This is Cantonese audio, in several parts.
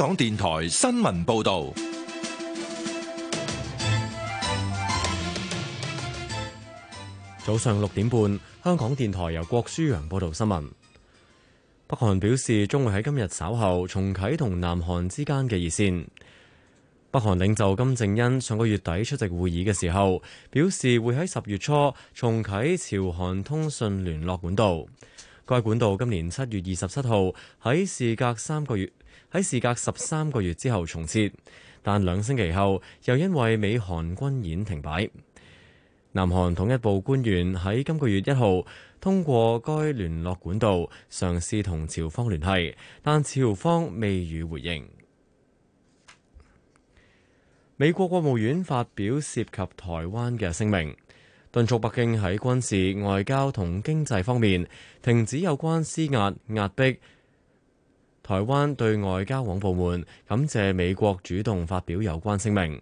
香港電台新聞報道，早上六點半，香港電台由郭舒揚報道新聞。北韓表示，將會喺今日稍後重啟同南韓之間嘅熱線。北韓領袖金正恩上個月底出席會議嘅時候，表示會喺十月初重啟朝韓通訊聯絡管道。該管道今年七月二十七號喺事隔三個月，喺事隔十三個月之後重設，但兩星期後又因為美韓軍演停擺，南韓統一部官員喺今個月一號通過該聯絡管道嘗試同朝方聯繫，但朝方未予回應。美國國務院發表涉及台灣嘅聲明。敦促北京喺軍事、外交同經濟方面停止有關施壓壓迫台灣對外交往部門，感謝美國主動發表有關聲明。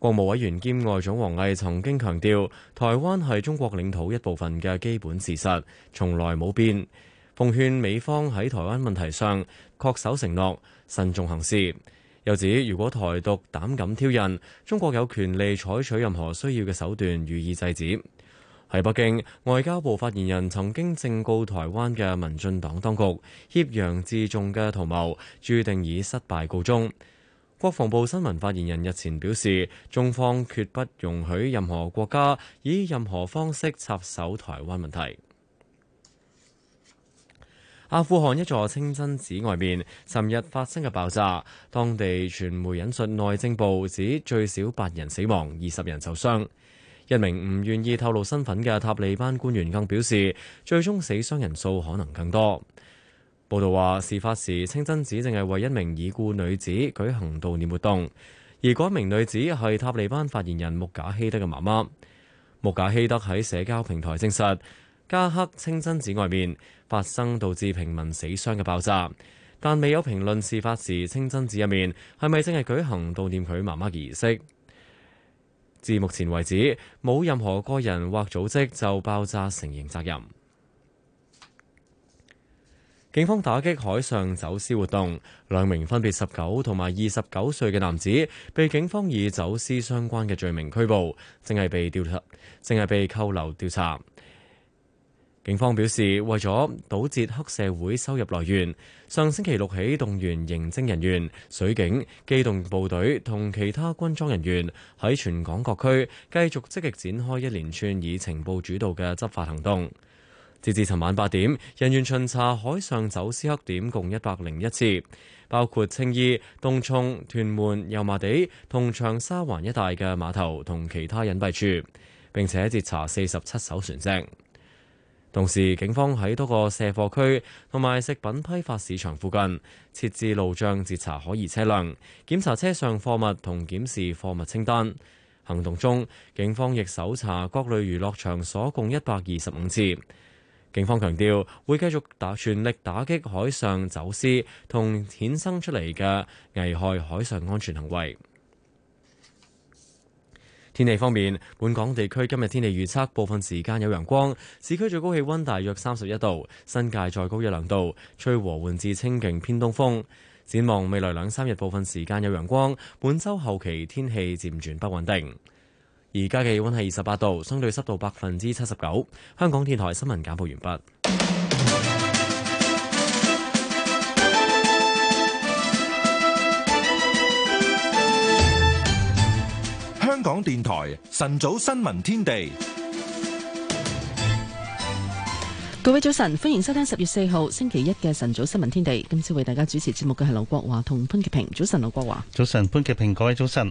國務委員兼外長王毅曾經強調，台灣係中國領土一部分嘅基本事實，從來冇變。奉勸美方喺台灣問題上恪守承諾，慎重行事。又指，如果台獨膽敢挑釁，中國有權利採取任何需要嘅手段予以制止。喺北京，外交部發言人曾經正告台灣嘅民進黨當局，挾洋自重嘅圖謀，註定以失敗告終。國防部新聞發言人日前表示，中方決不容許任何國家以任何方式插手台灣問題。阿富汗一座清真寺外面，尋日發生嘅爆炸，當地傳媒引述內政部指最少八人死亡，二十人受傷。一名唔願意透露身份嘅塔利班官員更表示，最終死傷人數可能更多。報道話，事發時清真寺正係為一名已故女子舉行悼念活動，而嗰名女子係塔利班發言人穆賈希德嘅媽媽。穆賈希德喺社交平台證實，加克清真寺外面。發生導致平民死傷嘅爆炸，但未有評論事發時清真寺入面係咪正係舉行悼念佢媽媽嘅儀式。至目前為止，冇任何個人或組織就爆炸承認責任。警方打擊海上走私活動，兩名分別十九同埋二十九歲嘅男子被警方以走私相關嘅罪名拘捕，正係被調查，正係被扣留調查。警方表示，為咗堵截黑社會收入來源，上星期六起動員刑偵人員、水警、機動部隊同其他軍裝人員喺全港各區繼續積極展開一連串以情報主導嘅執法行動。截至尋晚八點，人員巡查海上走私黑點共一百零一次，包括青衣、東涌、屯門、油麻地同長沙灣一帶嘅碼頭同其他隱蔽處，並且截查四十七艘船隻。同時，警方喺多個卸貨區同埋食品批發市場附近設置路障，截查可疑車輛，檢查車上貨物同檢視貨物清單。行動中，警方亦搜查各類娛樂場所共一百二十五次。警方強調會繼續打全力打擊海上走私同衍生出嚟嘅危害海上安全行為。天氣方面，本港地區今日天氣預測，部分時間有陽光，市區最高氣溫大約三十一度，新界再高一兩度，吹和緩至清勁偏東風。展望未來兩三日部分時間有陽光，本周後期天氣漸轉不穩定。而家嘅氣溫係二十八度，相對濕度百分之七十九。香港電台新聞簡報完畢。港電台晨早新聞天地，各位早晨，歡迎收聽十月四號星期一嘅晨早新聞天地。今次為大家主持節目嘅係劉國華同潘潔平。早晨，劉國華。早晨，潘潔平。各位早晨。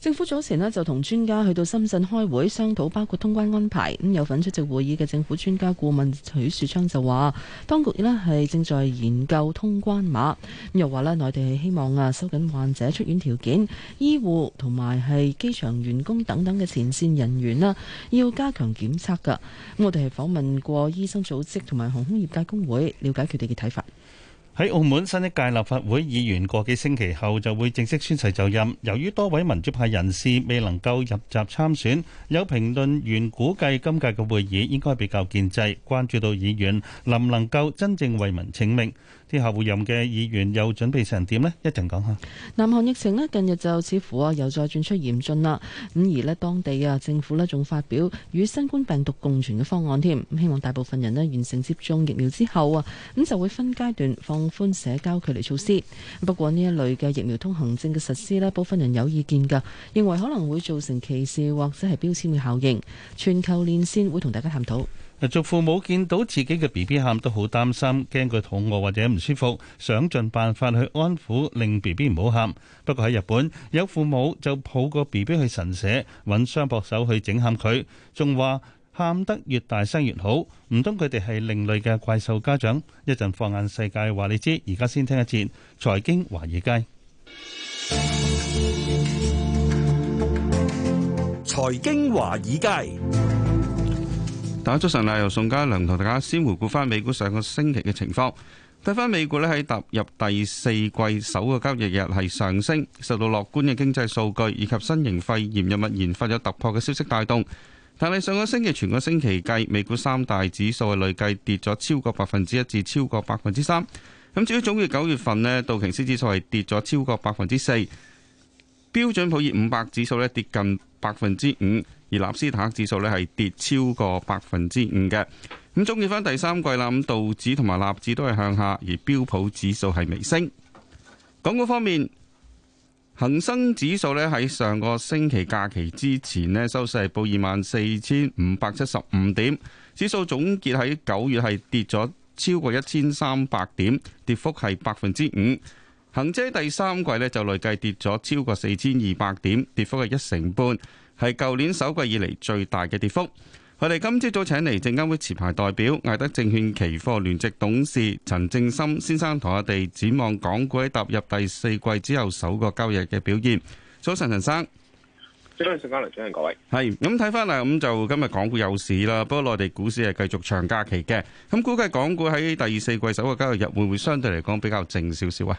政府早前呢，就同專家去到深圳開會商討包括通關安排。咁有份出席會議嘅政府專家顧問許樹昌就話，當局呢，係正在研究通關碼。又話呢，內地係希望啊收緊患者出院條件，醫護同埋係機場員工等等嘅前線人員啦，要加強檢測噶。我哋係訪問過醫生組織同埋航空業界工會，了解佢哋嘅睇法。喺澳門新一屆立法會議員過幾星期後就會正式宣誓就任。由於多位民主派人士未能夠入閘參選，有評論員估計今屆嘅會議應該比較建制，關注到議員能唔能夠真正為民請命。啲客戶任嘅議員又準備成點呢？一陣講下。南韓疫情咧，近日就似乎啊又再轉出嚴峻啦，咁而咧當地啊政府咧仲發表與新冠病毒共存嘅方案添，希望大部分人咧完成接種疫苗之後啊，咁就會分階段放寬社交距離措施。不過呢一類嘅疫苗通行證嘅實施咧，部分人有意見㗎，認為可能會造成歧視或者係標籤嘅效應。全球連線會同大家探討。做父母見到自己嘅 B B 喊都好擔心，驚佢肚餓或者唔舒服，想盡辦法去安撫令 B B 唔好喊。不過喺日本有父母就抱個 B B 去神社揾雙博手去整喊佢，仲話喊得越大聲越好。唔通佢哋係另類嘅怪獸家長？一陣放眼世界話你知，而家先聽一節《財經華爾街》。《財經華爾街》大家早晨，嚟由宋家良同大家先回顧翻美股上個星期嘅情況。睇翻美股呢，喺踏入第四季首個交易日係上升，受到樂觀嘅經濟數據以及新型肺炎藥物研發有突破嘅消息帶動。但係上個星期全個星期計，美股三大指數係累計跌咗超過百分之一至超過百分之三。咁至於總結九月份呢，道瓊斯指數係跌咗超過百分之四，標準普爾五百指數呢跌近百分之五。而納斯達克指數咧係跌超過百分之五嘅，咁總結返第三季啦，咁道指同埋納指都係向下，而標普指數係微升。港股方面，恒生指數咧喺上個星期假期之前咧收市係報二萬四千五百七十五點，指數總結喺九月係跌咗超過一千三百點，跌幅係百分之五。恒指第三季咧就累計跌咗超過四千二百點，跌幅係一成半。係舊年首季以嚟最大嘅跌幅。佢哋今朝早請嚟證監會持牌代表艾德證券期貨聯席董事陳正森先生同我哋展望港股喺踏入第四季之後首個交易日嘅表現。早晨，陳生，多謝大家歡迎各位。係咁睇翻嚟，咁就今日港股有市啦，不過內地股市係繼續長假期嘅。咁估計港股喺第四季首個交易日會唔會相對嚟講比較靜少少啊？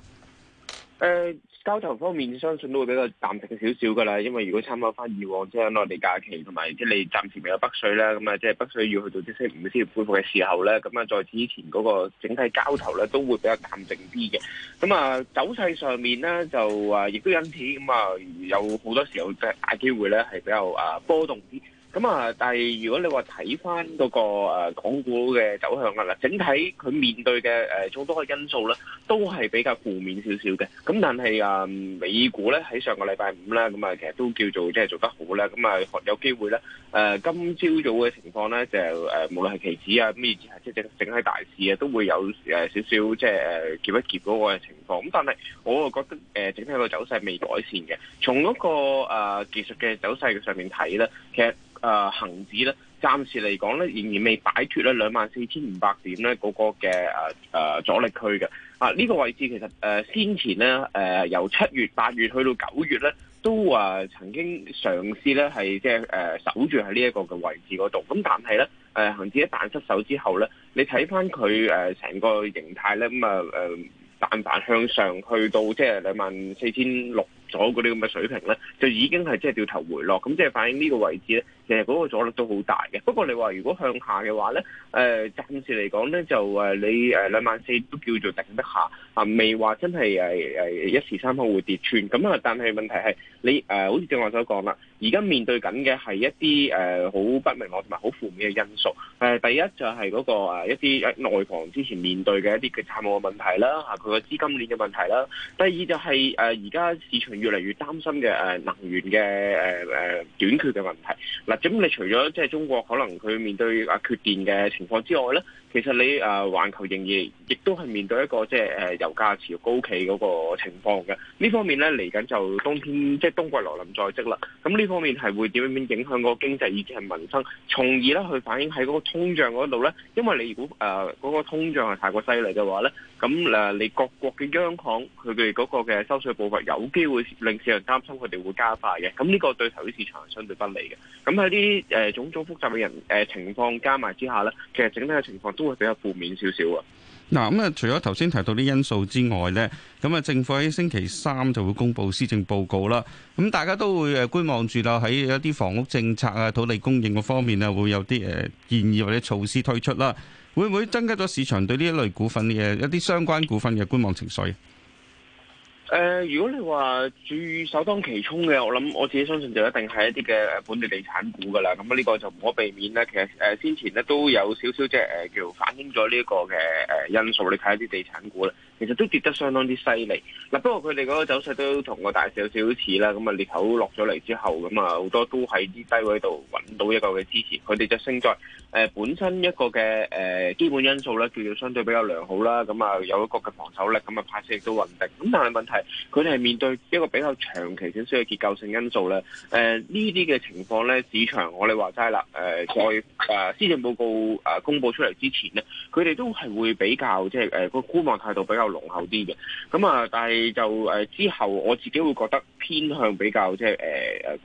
誒、呃、交投方面，相信都會比較淡靜少少㗎啦，因為如果參考返以往即係內地假期同埋即係你暫時未有北水咧，咁、嗯、啊即係北水要去到星期五，星期五先恢復嘅時候咧，咁啊在此之前嗰個整體交投咧都會比較淡靜啲嘅。咁、嗯、啊，走勢上面咧就啊，亦都因此咁、嗯、啊，有好多時候即係大機會咧係比較啊波動啲。咁啊、嗯，但係如果你話睇翻嗰個、啊、港股嘅走向啦，嗱，整體佢面對嘅誒眾多嘅因素咧，都係比較負面少少嘅。咁但係啊、嗯，美股咧喺上個禮拜五啦，咁、嗯、啊其實都叫做即係做得好啦。咁、嗯、啊，有機會咧，誒、呃、今朝早嘅情況咧，就誒、呃、無論係期指啊，咩、呃、即係整整係大市啊，都會有誒少少即係誒夾一夾嗰個情況。咁但係我覺得誒、呃、整體個走勢未改善嘅，從嗰、那個、呃、技術嘅走勢上面睇咧，其實。誒、呃、恆指咧，暫時嚟講咧，仍然未擺脫咧兩萬四千五百點咧嗰個嘅誒誒阻力區嘅。啊，呢、這個位置其實誒、呃、先前咧誒、呃、由七月、八月去到九月咧，都話、啊、曾經嘗試咧係即係誒守住喺呢一個嘅位置嗰度。咁但係咧，誒、呃、恆指一旦失守之後咧，你睇翻佢誒成個形態咧，咁啊誒，彈、呃、彈向上去到即係兩萬四千六。所有嗰啲咁嘅水平咧，就已經係即係掉頭回落，咁即係反映呢個位置咧，其實嗰個阻力都好大嘅。不過你話如果向下嘅話咧，誒、呃、暫時嚟講咧就誒你誒兩萬四都叫做頂得下啊，未話真係誒誒一時三刻會跌穿咁啊。但係問題係你誒、啊，好似正話所講啦，而家面對緊嘅係一啲誒好不明朗同埋好負面嘅因素。誒、啊、第一就係嗰、那個、啊、一啲內房之前面對嘅一啲嘅債務嘅問題啦，嚇佢嘅資金鏈嘅問題啦、啊。第二就係誒而家市場。越嚟越擔心嘅誒能源嘅誒誒短缺嘅問題嗱，咁你除咗即係中國可能佢面對啊缺電嘅情況之外咧，其實你誒、啊、環球仍然亦都係面對一個即係誒油價持續高企嗰個情況嘅。呢方面咧嚟緊就冬天即係、就是、冬季來臨在即啦，咁呢方面係會點樣影響個經濟以及係民生，從而咧去反映喺嗰個通脹嗰度咧，因為你如果誒嗰、呃那個通脹係太過犀利嘅話咧。咁誒，你各國嘅央行佢哋嗰個嘅收水步伐有機會令市場擔心佢哋會加快嘅，咁呢個對投資市場係相對不利嘅。咁喺啲誒種種複雜嘅人誒、呃、情況加埋之下呢，其實整體嘅情況都會比較負面少少啊。嗱，咁啊，除咗頭先提到啲因素之外呢，咁啊，政府喺星期三就會公布施政報告啦。咁大家都會誒觀望住啦，喺一啲房屋政策啊、土地供應嗰方面啊，會有啲誒建議或者措施推出啦。會唔會增加咗市場對呢一類股份嘅一啲相關股份嘅觀望情緒？誒、呃，如果你話最首當其衝嘅，我諗我自己相信就一定係一啲嘅本地地產股噶啦。咁呢個就唔可避免啦。其實誒、呃，先前咧都有少少即係誒，叫反映咗呢一個嘅誒、呃、因素。你睇一啲地產股咧。其實都跌得相當之犀利嗱，不過佢哋嗰個走勢都同我大少少似啦。咁啊，裂口落咗嚟之後，咁啊好多都喺啲低位度揾到一個嘅支持。佢哋就升在誒、呃、本身一個嘅誒、呃、基本因素咧，叫做相對比較良好啦。咁啊有一個嘅防守力，咁啊派息亦都穩定。咁、啊、但係問題，佢哋係面對一個比較長期性需要結構性因素咧。誒呢啲嘅情況咧，市場我哋話齋啦。誒、呃、在誒施政報告誒公佈出嚟之前咧，佢哋都係會比較即係誒個觀望態度比較。濃厚啲嘅，咁啊、嗯，但係就誒、呃、之後我自己會覺得偏向比較即係誒誒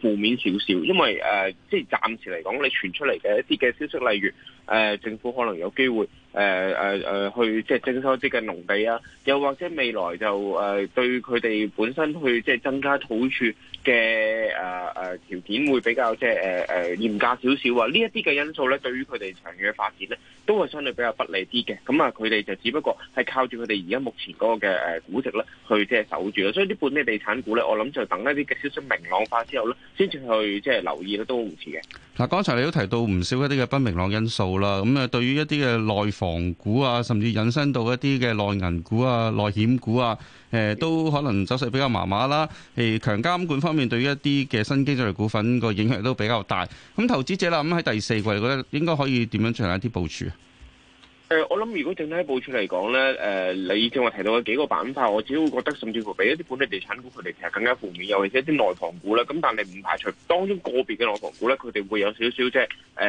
負面少少，因為誒、呃、即係暫時嚟講，你傳出嚟嘅一啲嘅消息，例如誒、呃、政府可能有機會。誒誒誒，去即係徵收啲嘅農地啊，又或者未來就誒、呃、對佢哋本身去即係增加土儲嘅誒誒條件，會比較即係誒誒嚴格少少啊。呢一啲嘅因素咧，對於佢哋長遠嘅發展咧，都係相對比較不利啲嘅。咁、嗯、啊，佢哋就只不過係靠住佢哋而家目前嗰個嘅誒估值咧，去即係守住咯。所以啲本地地產股咧，我諗就等一啲嘅消息明朗化之後咧，先至去即係留意都好唔似嘅。嗱，剛才你都提到唔少一啲嘅不明朗因素啦，咁啊，對於一啲嘅內房房股啊，甚至引申到一啲嘅內銀股啊、內險股啊，誒、呃、都可能走勢比較麻麻啦。誒、呃，強監管方面對於一啲嘅新經濟股份個影響都比較大。咁、嗯、投資者啦，咁、嗯、喺第四季，我覺得應該可以點樣進行一啲部署？誒、呃，我諗如果整體部署嚟講咧，誒、呃，你正話提到嘅幾個板塊，我只會覺得甚至乎俾一啲本地地產股佢哋其實更加負面，尤其是一啲內房股啦。咁但係唔排除當中個別嘅內房股咧，佢哋會有少少即係誒誒誒。呃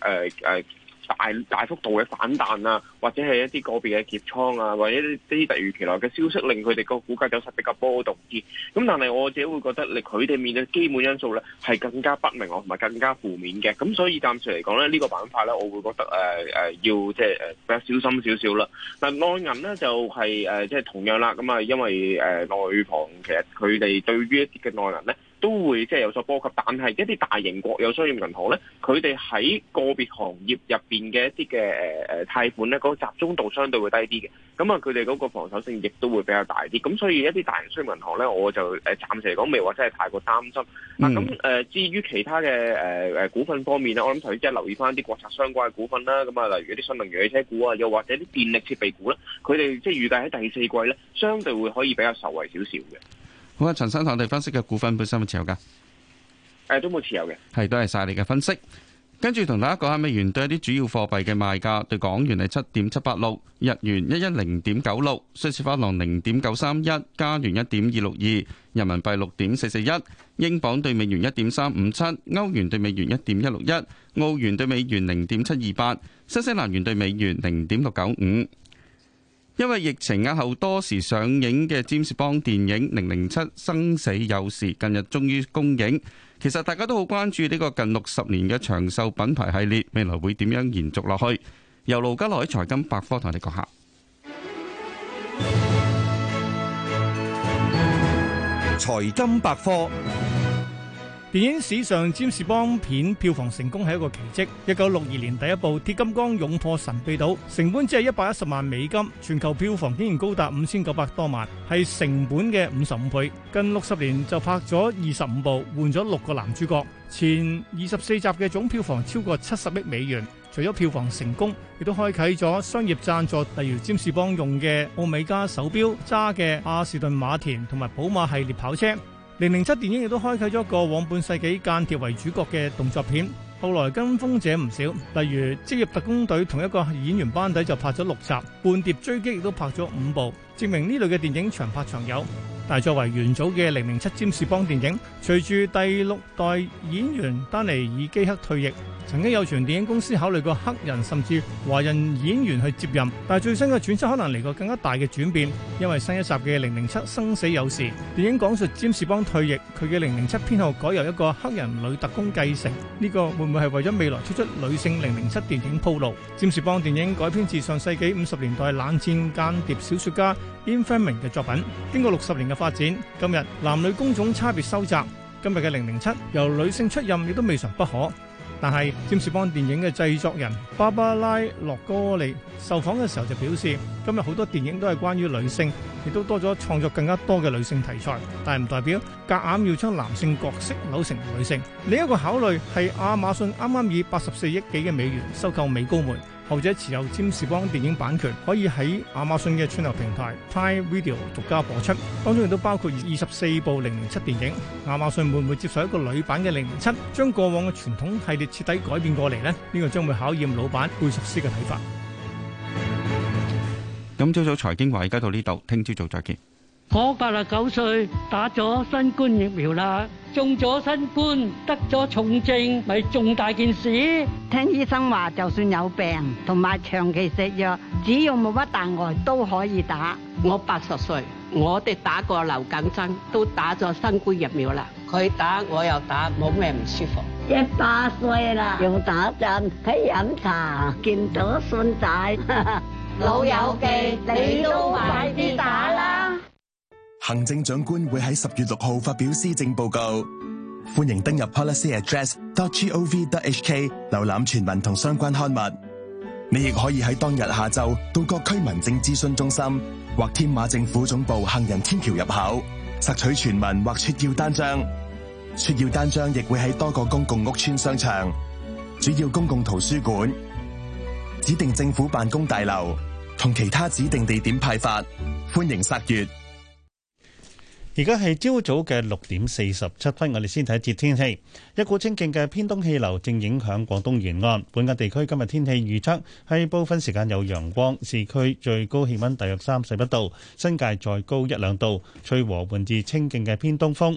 呃呃呃大大幅度嘅反彈啊，或者係一啲個別嘅劫倉啊，或者啲啲突如其來嘅消息令佢哋個股價走勢比較波動啲。咁、嗯、但係我自己會覺得，你佢哋面對嘅基本因素咧係更加不明朗同埋更加負面嘅。咁、嗯、所以暫時嚟講咧，這個、呢個板塊咧，我會覺得誒誒、呃呃、要即係、呃呃、比較小心少少啦。但、呃、內銀咧就係、是、誒、呃、即係同樣啦。咁、嗯、啊，因為誒、呃、內房其實佢哋對於一啲嘅內銀咧，都會即係有所波及，但係一啲大型國有商業銀行咧，佢哋喺個別行業入邊嘅一啲嘅誒誒貸款咧，嗰、那個集中度相對會低啲嘅。咁啊，佢哋嗰個防守性亦都會比較大啲。咁所以一啲大型商業銀行咧，我就誒暫時嚟講未話真係太過擔心。嗱、嗯，咁誒、啊呃、至於其他嘅誒誒股份方面啊，我諗頭先即係留意翻啲國策相關嘅股份啦。咁啊，例如一啲新能源汽車股啊，又或者啲電力設備股啦，佢哋即係預計喺第四季咧，相對會可以比較受惠少少嘅。好啊，陳生，我哋分析嘅股份本身有冇持有噶？誒，都冇持有嘅。係，都係晒你嘅分析。跟住同大家講下美元對一啲主要貨幣嘅賣價，對港元係七點七八六，日元一一零點九六，瑞士法郎零點九三一，加元一點二六二，人民幣六點四四一，英鎊對美元一點三五七，歐元對美元一點一六一，澳元對美元零點七二八，新西蘭元對美元零點六九五。因為疫情押後多時上映嘅《占士邦電影零零七生死有時》，近日終於公映。其實大家都好關注呢個近六十年嘅長壽品牌系列，未來會點樣延續落去？由盧家樂喺財金百科同我哋講下財金百科。電影史上，佔士邦片票房成功係一個奇蹟。一九六二年第一部《鐵金剛勇破神秘島》，成本只係一百一十萬美金，全球票房竟然高達五千九百多萬，係成本嘅五十五倍。近六十年就拍咗二十五部，換咗六個男主角。前二十四集嘅總票房超過七十億美元。除咗票房成功，亦都開啟咗商業贊助，例如佔士邦用嘅奧美加手錶、揸嘅阿士頓馬田同埋寶馬系列跑車。《零零七》電影亦都開啟咗一個往半世紀間諜為主角嘅動作片，後來跟風者唔少，例如《職業特工隊》同一個演員班底就拍咗六集，《叛諜追擊》亦都拍咗五部。證明呢類嘅電影長拍長有，但係作為元祖嘅《零零七》占士邦電影，隨住第六代演員丹尼爾基克退役，曾經有傳電影公司考慮過黑人甚至華人演員去接任，但係最新嘅轉機可能嚟個更加大嘅轉變，因為新一集嘅《零零七生死有時》電影講述占士邦退役，佢嘅《零零七》編號改由一個黑人女特工繼承，呢個會唔會係為咗未來推出女性《零零七》電影鋪路？占士邦電影改編自上世紀五十年代冷戰間諜小說家。Fleming 嘅作品經過六十年嘅發展，今日男女工種差別收窄。今日嘅零零七由女性出任亦都未嘗不可。但係《占士邦》電影嘅製作人芭芭拉洛哥利受訪嘅時候就表示，今日好多電影都係關於女性，亦都多咗創作更加多嘅女性題材。但係唔代表夾硬要將男性角色扭成女性。另一個考慮係亞馬遜啱啱以八十四億幾嘅美元收購美高梅。後者持有《詹士邦》電影版權，可以喺亞馬遜嘅串流平台 Prime Video 獨家播出。當中亦都包括二十四部零零七電影。亞馬遜會唔會接受一個女版嘅零零七，將過往嘅傳統系列徹底改變過嚟呢？呢個將會考驗老闆貝索斯嘅睇法。咁，朝早財經話，而家到呢度，聽朝早再見。我八十九歲打咗新冠疫苗啦，中咗新冠得咗重症咪重大件事。聽醫生話，就算有病同埋長期食藥，只要冇乜大礙都可以打。我八十歲，我哋打過流感針，都打咗新冠疫苗啦。佢打我又打，冇咩唔舒服。一百歲啦，又打針，喺飲茶見到信仔，老友記，你都快啲打啦。行政長官會喺十月六號發表施政報告，歡迎登入 policyaddress.gov.hk 瀏覽全文同相關刊物。你亦可以喺當日下晝到各區民政諮詢中心或天馬政府總部行人天橋入口，索取全文或撮要單張。撮要單張亦會喺多個公共屋邨、商場、主要公共圖書館、指定政府辦公大樓同其他指定地點派發。歡迎索閱。而家係朝早嘅六點四十七分，我哋先睇一節天氣。一股清勁嘅偏東氣流正影響廣東沿岸本港地區，今日天，天氣預測係部分時間有陽光，市區最高氣溫大約三十一度，新界再高一兩度，吹和緩至清勁嘅偏東風。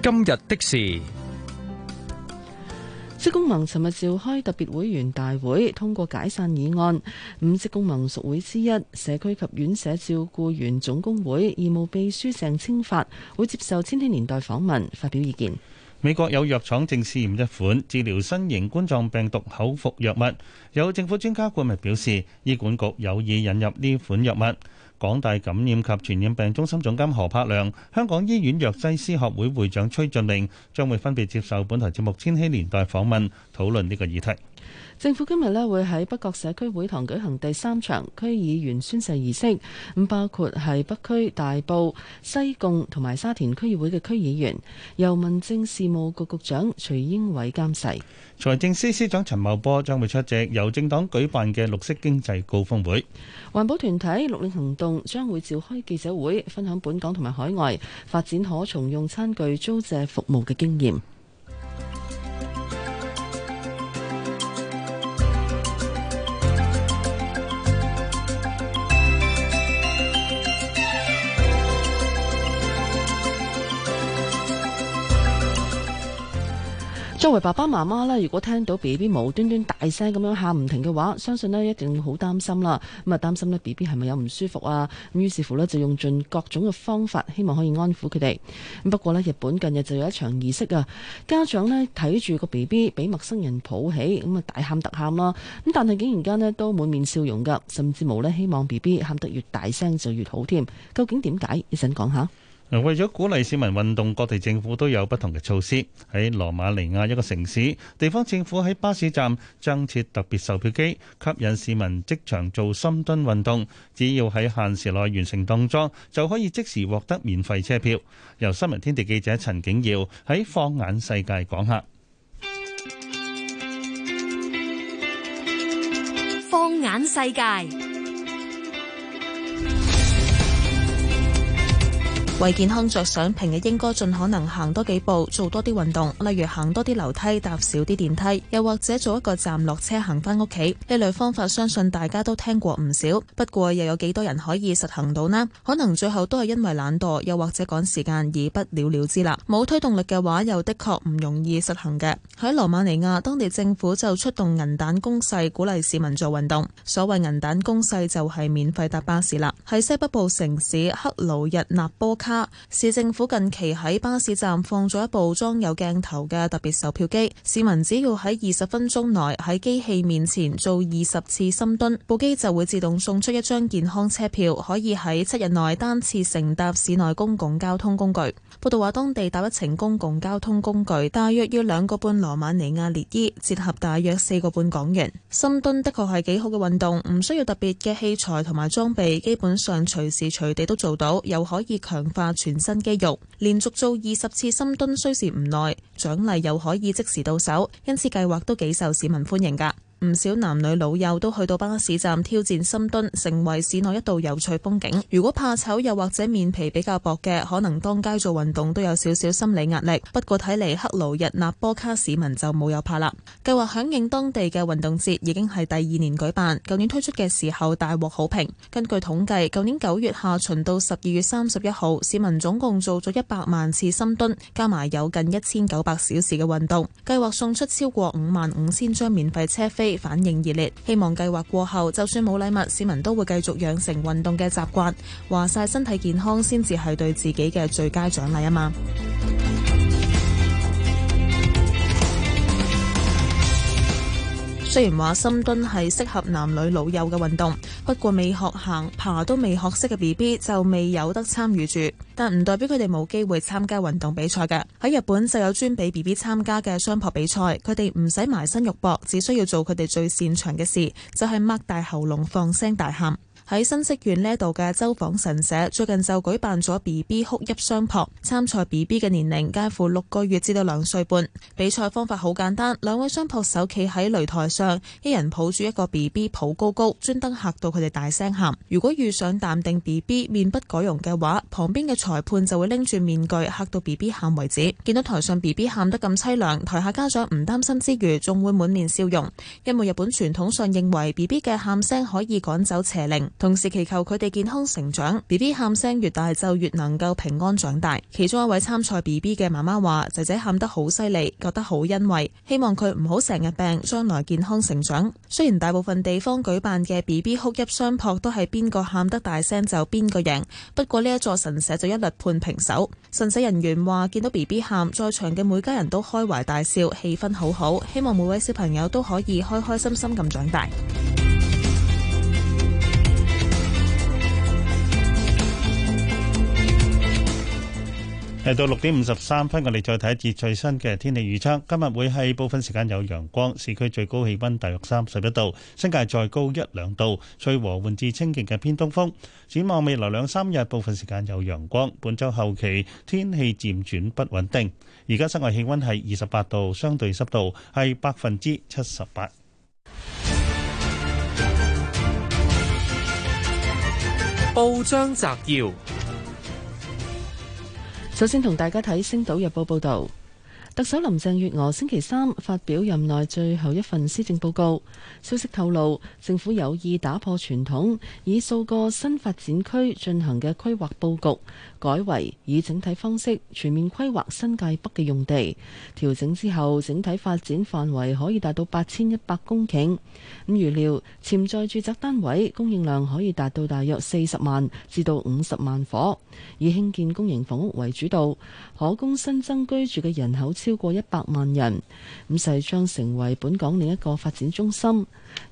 今日的事，職工盟尋日召開特別會員大會，通過解散議案。五職工盟屬會之一社區及院舍照顧員總工會義務秘書鄭清發會接受千禧年代訪問，發表意見。美國有藥廠正試驗一款治療新型冠狀病毒口服藥物，有政府專家顧問表示，醫管局有意引入呢款藥物。港大感染及傳染病中心總監何柏良、香港醫院藥劑師學會會長崔俊明將會分別接受本台節目《千禧年代》訪問，討論呢個議題。政府今日呢會喺北角社區會堂舉行第三場區議員宣誓儀式，咁包括係北區、大埔、西貢同埋沙田區議會嘅區議員，由民政事務局局長徐英偉監誓。財政司司長陳茂波將會出席由政黨舉辦嘅綠色經濟高峰會。環保團體綠領行動將會召開記者會，分享本港同埋海外發展可重用餐具租借服務嘅經驗。作為爸爸媽媽呢，如果聽到 B B 無端端大聲咁樣喊唔停嘅話，相信呢一定好擔心啦。咁啊，擔心呢 B B 係咪有唔舒服啊？咁於是乎呢，就用盡各種嘅方法，希望可以安撫佢哋。咁不過呢，日本近日就有一場儀式啊，家長呢睇住個 B B 俾陌生人抱起，咁啊大喊特喊啦。咁但係竟然間呢都滿面笑容噶，甚至冇呢希望 B B 喊得越大聲就越好添。究竟點解？一陣講一下。為咗鼓勵市民運動，各地政府都有不同嘅措施。喺羅馬尼亞一個城市，地方政府喺巴士站增設特別售票機，吸引市民即場做深蹲運動。只要喺限時內完成動作，就可以即時獲得免費車票。由新聞天地記者陳景耀喺放眼世界講下。放眼世界。為健康着想，平日應該盡可能行多幾步，做多啲運動，例如行多啲樓梯，搭少啲電梯，又或者做一個站落車行翻屋企。呢類方法相信大家都聽過唔少，不過又有幾多人可以實行到呢？可能最後都係因為懶惰，又或者趕時間而不了了之啦。冇推動力嘅話，又的確唔容易實行嘅。喺羅馬尼亞，當地政府就出動銀彈攻勢，鼓勵市民做運動。所謂銀彈攻勢就係免費搭巴士啦。喺西北部城市克魯日納波卡市政府近期喺巴士站放咗一部裝有鏡頭嘅特別售票機，市民只要喺二十分鐘內喺機器面前做二十次深蹲，部機就會自動送出一張健康車票，可以喺七日內單次乘搭市內公共交通工具。報道話，當地搭一程公共交通工具大約要兩個半羅馬尼亞列伊，折合大約四個半港元。深蹲的確係幾好嘅運動，唔需要特別嘅器材同埋裝備，基本上隨時隨地都做到，又可以強化全身肌肉，連續做二十次深蹲，需時唔耐，獎勵又可以即時到手，因此計劃都幾受市民歡迎㗎。唔少男女老幼都去到巴士站挑戰深蹲，成為市內一道有趣風景。如果怕醜又或者面皮比較薄嘅，可能當街做運動都有少少心理壓力。不過睇嚟克魯日納波卡市民就冇有怕啦。計劃響應當地嘅運動節，已經係第二年舉辦。舊年推出嘅時候大獲好評。根據統計，舊年九月下旬到十二月三十一號，市民總共做咗一百萬次深蹲，加埋有近一千九百小時嘅運動。計劃送出超過五萬五千張免費車飛。反應熱烈，希望計劃過後就算冇禮物，市民都會繼續養成運動嘅習慣。話晒身體健康先至係對自己嘅最佳獎勵啊嘛！雖然話深蹲係適合男女老幼嘅運動，不過未學行爬都未學識嘅 B B 就未有得參與住，但唔代表佢哋冇機會參加運動比賽嘅。喺日本就有專俾 B B 參加嘅相撲比賽，佢哋唔使埋身肉搏，只需要做佢哋最擅長嘅事，就係擘大喉嚨放聲大喊。喺新潟縣呢度嘅諏訪神社最近就舉辦咗 B B 哭泣相撲，參賽 B B 嘅年齡介乎六個月至到兩歲半。比賽方法好簡單，兩位相撲手企喺擂台上，一人抱住一個 B B 抱高高，專登嚇到佢哋大聲喊。如果遇上淡定 B B 面不改容嘅話，旁邊嘅裁判就會拎住面具嚇到 B B 喊為止。見到台上 B B 喊得咁凄涼，台下家長唔擔心之餘，仲會滿面笑容，因為日本傳統上認為 B B 嘅喊聲可以趕走邪靈。同時祈求佢哋健康成長，B B 喊聲越大就越能夠平安長大。其中一位參賽 B B 嘅媽媽話：仔仔喊得好犀利，覺得好欣慰，希望佢唔好成日病，將來健康成長。雖然大部分地方舉辦嘅 B B 哭泣相撲都係邊個喊得大聲就邊個贏，不過呢一座神社就一律判平手。神社人員話：見到 B B 喊，在場嘅每家人都開懷大笑，氣氛好好，希望每位小朋友都可以開開心心咁長大。嚟到六點五十三分，我哋再睇一節最新嘅天氣預測。今日會係部分時間有陽光，市區最高氣溫大約三十一度，新界再高一兩度，吹和緩至清勁嘅偏東風。展望未來兩三日，部分時間有陽光。本週後期天氣漸轉不穩定。而家室外氣溫係二十八度，相對濕度係百分之七十八。報章摘要。首先同大家睇《星島日報》報道，特首林鄭月娥星期三發表任內最後一份施政報告，消息透露，政府有意打破傳統，以數個新發展區進行嘅規劃佈局。改為以整體方式全面規劃新界北嘅用地調整之後，整體發展範圍可以達到八千一百公頃。咁預料潛在住宅單位供應量可以達到大約四十萬至到五十萬伙，以興建公營房屋為主導，可供新增居住嘅人口超過一百萬人。五勢將成為本港另一個發展中心。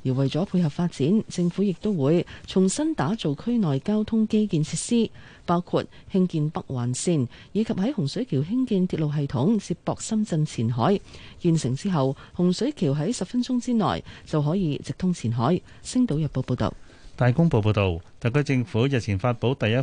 而為咗配合發展，政府亦都會重新打造區內交通基建設施，包括興建北環線，以及喺洪水橋興建鐵路系統接駁深圳前海。完成之後，洪水橋喺十分鐘之內就可以直通前海。星島日報報道。大公報報道，特區政府日前發佈第一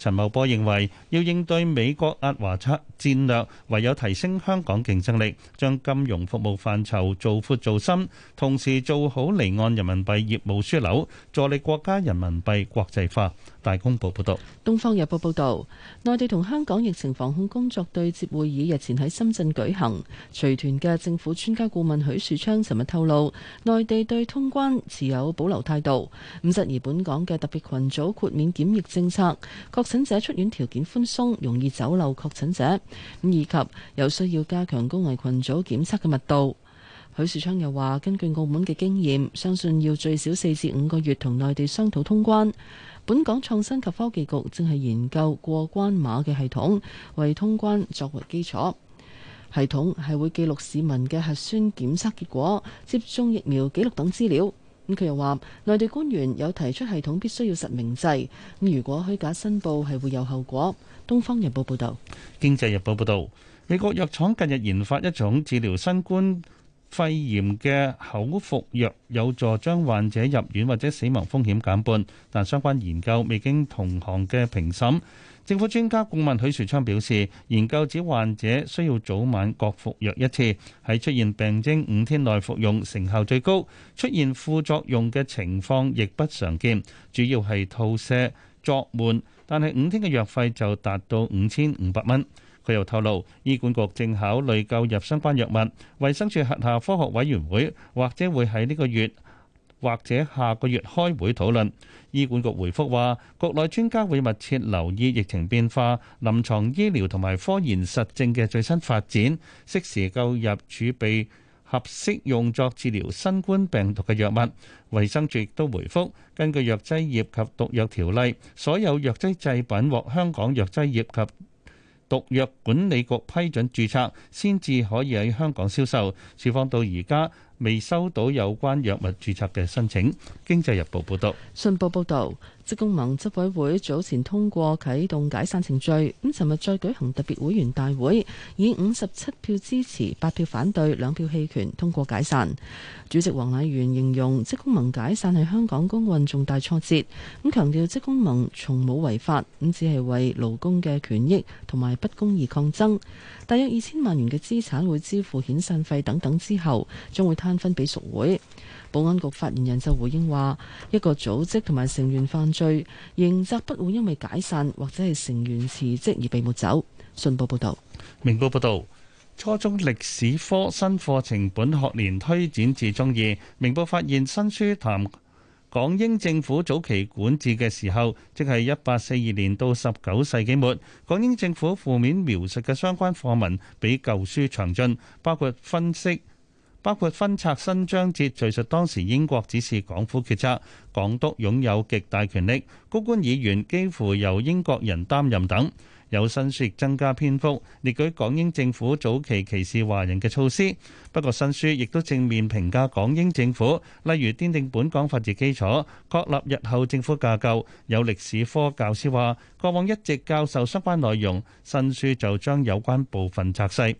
陳茂波認為，要應對美國壓華策戰略，唯有提升香港競爭力，將金融服務範疇做闊做深，同時做好離岸人民幣業務樞紐，助力國家人民幣國際化。大公報報道，《東方日報》報道，內地同香港疫情防控工作對接會議日前喺深圳舉行。隨團嘅政府專家顧問許樹昌，尋日透露，內地對通關持有保留態度。咁質疑本港嘅特別群組豁免檢疫政策，確診者出院條件寬鬆，容易走漏確診者，咁以及有需要加強高危群組檢測嘅密度。許樹昌又話，根據澳門嘅經驗，相信要最少四至五個月同內地商討通關。本港創新及科技局正係研究過關碼嘅系統，為通關作為基礎。系統係會記錄市民嘅核酸檢測結果、接種疫苗記錄等資料。咁，嗯，佢又話，內地官員有提出系統必須要實名制。咁如果虛假申報係會有後果。東方日報報道，經濟日報報道，美國藥廠近日研發一種治療新冠。肺炎嘅口服藥有助將患者入院或者死亡風險減半，但相關研究未經同行嘅評審。政府專家顧問許樹昌表示，研究指患者需要早晚各服藥一次，喺出現病徵五天內服用成效最高，出現副作用嘅情況亦不常見，主要係吐瀉、作悶，但係五天嘅藥費就達到五千五百蚊。佢又透露，醫管局正考慮購入相關藥物，衛生署轄下科學委員會或者會喺呢個月或者下個月開會討論。醫管局回覆話，國內專家會密切留意疫情變化、臨床醫療同埋科研實證嘅最新發展，適時購入儲備合適用作治療新冠病毒嘅藥物。衛生署亦都回覆，根據藥劑業及毒藥條例，所有藥劑製品獲香港藥劑業及毒藥管理局批准註冊，先至可以喺香港銷售。處方到而家未收到有關藥物註冊嘅申請。經濟日報報道。信報報導。職工盟執委會早前通過啟動解散程序，咁尋日再舉行特別會員大會，以五十七票支持、八票反對、兩票棄權通過解散。主席黃迺元形容職工盟解散係香港工運重大挫折，咁強調職工盟從冇違法，咁只係為勞工嘅權益同埋不公而抗爭。大約二千萬元嘅資產會支付遣散費等等之後，將會攤分俾屬會。保安局發言人就回應話：一個組織同埋成員犯罪，刑責不會因為解散或者係成員辭職而被抹走。信報報道，明報報道，初中歷史科新課程本學年推展至中二。明報發現新書談港英政府早期管治嘅時候，即係一八四二年到十九世紀末，港英政府負面描述嘅相關課文比舊書詳盡，包括分析。包括分拆新章節敘述當時英國指示港府決策，港督擁有極大權力，高官議員幾乎由英國人擔任等。有新書增加篇幅，列舉港英政府早期歧視華人嘅措施。不過新書亦都正面評價港英政府，例如奠定本港法治基礎，確立日後政府架構，有歷史科教師話過往一直教授相關內容，新書就將有關部分拆細。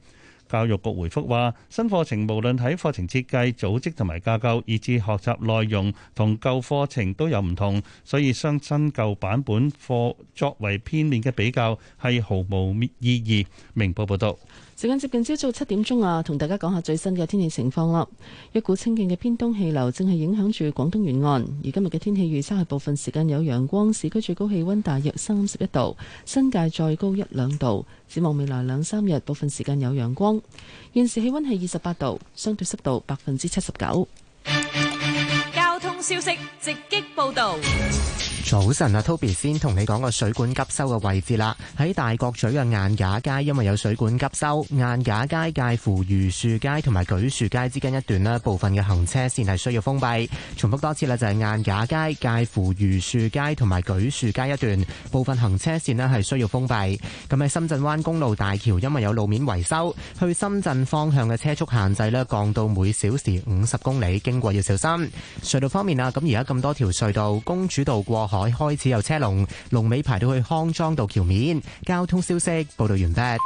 教育局回覆話：新課程無論喺課程設計、組織同埋架構，以至學習內容，同舊課程都有唔同，所以將新舊版本課作為片面嘅比較係毫無意義。明報報道。時間接近朝早七點鐘啊，同大家講下最新嘅天氣情況啦。一股清勁嘅偏東氣流正係影響住廣東沿岸，而今日嘅天氣預測係部分時間有陽光，市區最高氣溫大約三十一度，新界再高一兩度。展望未來兩三日，部分時間有陽光。現時氣溫係二十八度，相對濕度百分之七十九。交通消息直擊報道。Yes. 早晨啊，Toby 先同你講個水管急修嘅位置啦。喺大角咀嘅晏架街，因為有水管急修，晏架街介乎榆樹街同埋櫸樹街之間一段咧，部分嘅行車線係需要封閉。重複多次咧，就係晏架街介乎榆樹街同埋櫸樹街一段，部分行車線咧係需要封閉。咁喺深圳灣公路大橋，因為有路面維修，去深圳方向嘅車速限制咧降到每小時五十公里，經過要小心。隧道方面啊，咁而家咁多條隧道，公主道過海。海開始有車龍，龍尾排到去康莊道橋面。交通消息報道完畢。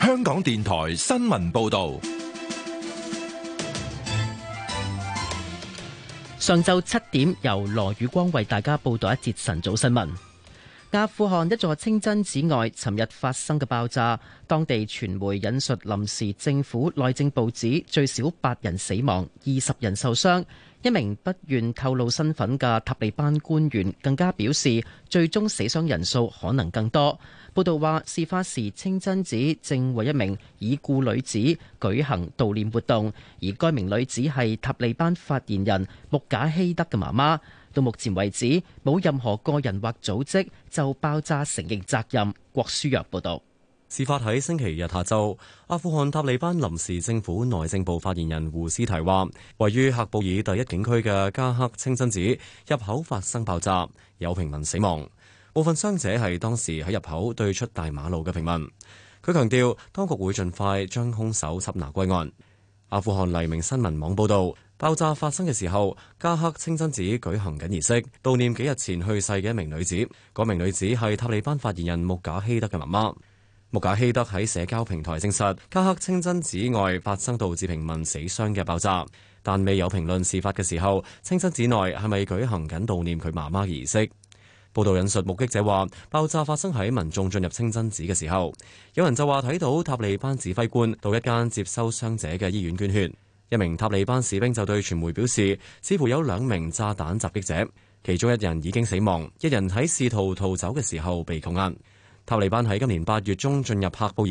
香港電台新聞報道。上晝七點，由羅宇光為大家報道一節晨早新聞。阿富汗一座清真寺外，尋日發生嘅爆炸，當地傳媒引述臨時政府內政部指，最少八人死亡，二十人受傷。一名不願透露身份嘅塔利班官員更加表示，最終死傷人數可能更多。報道話，事發時清真寺正為一名已故女子舉行悼念活動，而該名女子係塔利班發言人穆賈希德嘅媽媽。到目前為止，冇任何個人或組織就爆炸承認責任。郭舒若報導。事發喺星期日下晝，阿富汗塔利班臨時政府內政部發言人胡斯提話，位於喀布爾第一警區嘅加克清真寺入口發生爆炸，有平民死亡，部分傷者係當時喺入口對出大馬路嘅平民。佢強調，當局會盡快將兇手緝拿歸案。阿富汗黎明新聞網報導。爆炸發生嘅時候，加克清真寺舉行緊儀式，悼念幾日前去世嘅一名女子。嗰名女子係塔利班發言人穆賈希德嘅媽媽。穆賈希德喺社交平台證實，加克清真寺外發生導致平民死傷嘅爆炸，但未有評論事發嘅時候，清真寺內係咪舉行緊悼念佢媽媽嘅儀式。報道引述目擊者話：爆炸發生喺民眾進入清真寺嘅時候，有人就話睇到塔利班指揮官到一間接收傷者嘅醫院捐血。一名塔利班士兵就對傳媒表示，似乎有兩名炸彈襲擊者，其中一人已經死亡，一人喺試圖逃走嘅時候被扣押。塔利班喺今年八月中進入喀布爾，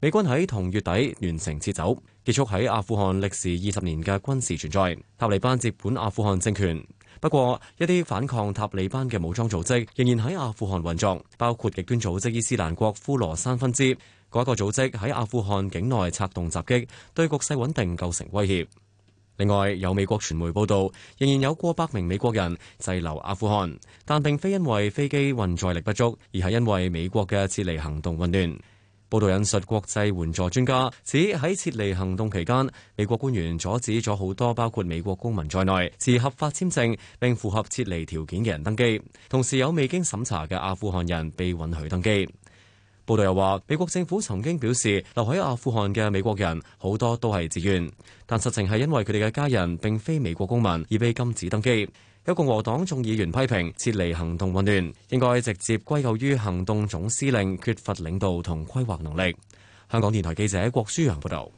美軍喺同月底完成撤走，結束喺阿富汗歷時二十年嘅軍事存在。塔利班接管阿富汗政權，不過一啲反抗塔利班嘅武裝組織仍然喺阿富汗運作，包括極端組織伊斯蘭國呼羅珊分支。嗰一個組織喺阿富汗境內策動襲擊，對局勢穩定構成威脅。另外，有美國傳媒報道，仍然有過百名美國人滯留阿富汗，但並非因為飛機運載力不足，而係因為美國嘅撤離行動混亂。報道引述國際援助專家指，喺撤離行動期間，美國官員阻止咗好多包括美國公民在內持合法簽證並符合撤離條件嘅人登機，同時有未經審查嘅阿富汗人被允許登機。報道又話，美國政府曾經表示，留喺阿富汗嘅美國人好多都係自願，但實情係因為佢哋嘅家人並非美國公民而被禁止登機。有共和黨眾議員批評撤離行動混亂，應該直接歸咎於行動總司令缺乏領導同規劃能力。香港電台記者郭舒洋報道。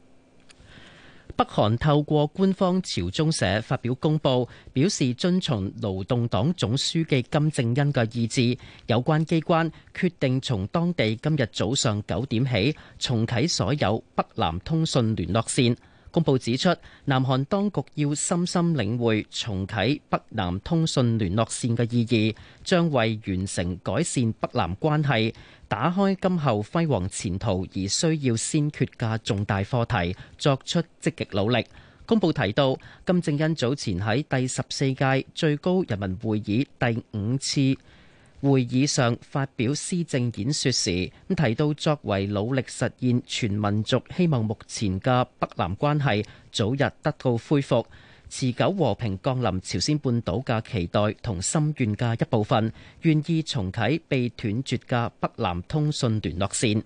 北韓透過官方朝中社發表公佈，表示遵從勞動黨總書記金正恩嘅意志，有關機關決定從當地今日早上九點起重啟所有北南通訊聯絡線。公佈指出，南韓當局要深深領會重啟北南通訊聯絡線嘅意義，將為完成改善北南關係、打開今後輝煌前途而需要先決嘅重大課題作出積極努力。公佈提到，金正恩早前喺第十四屆最高人民會議第五次會議上發表施政演說時，提到作為努力實現全民族希望，目前嘅北南關係早日得到恢復，持久和平降臨朝鮮半島嘅期待同心願嘅一部分，願意重啟被斷絕嘅北南通訊聯絡線。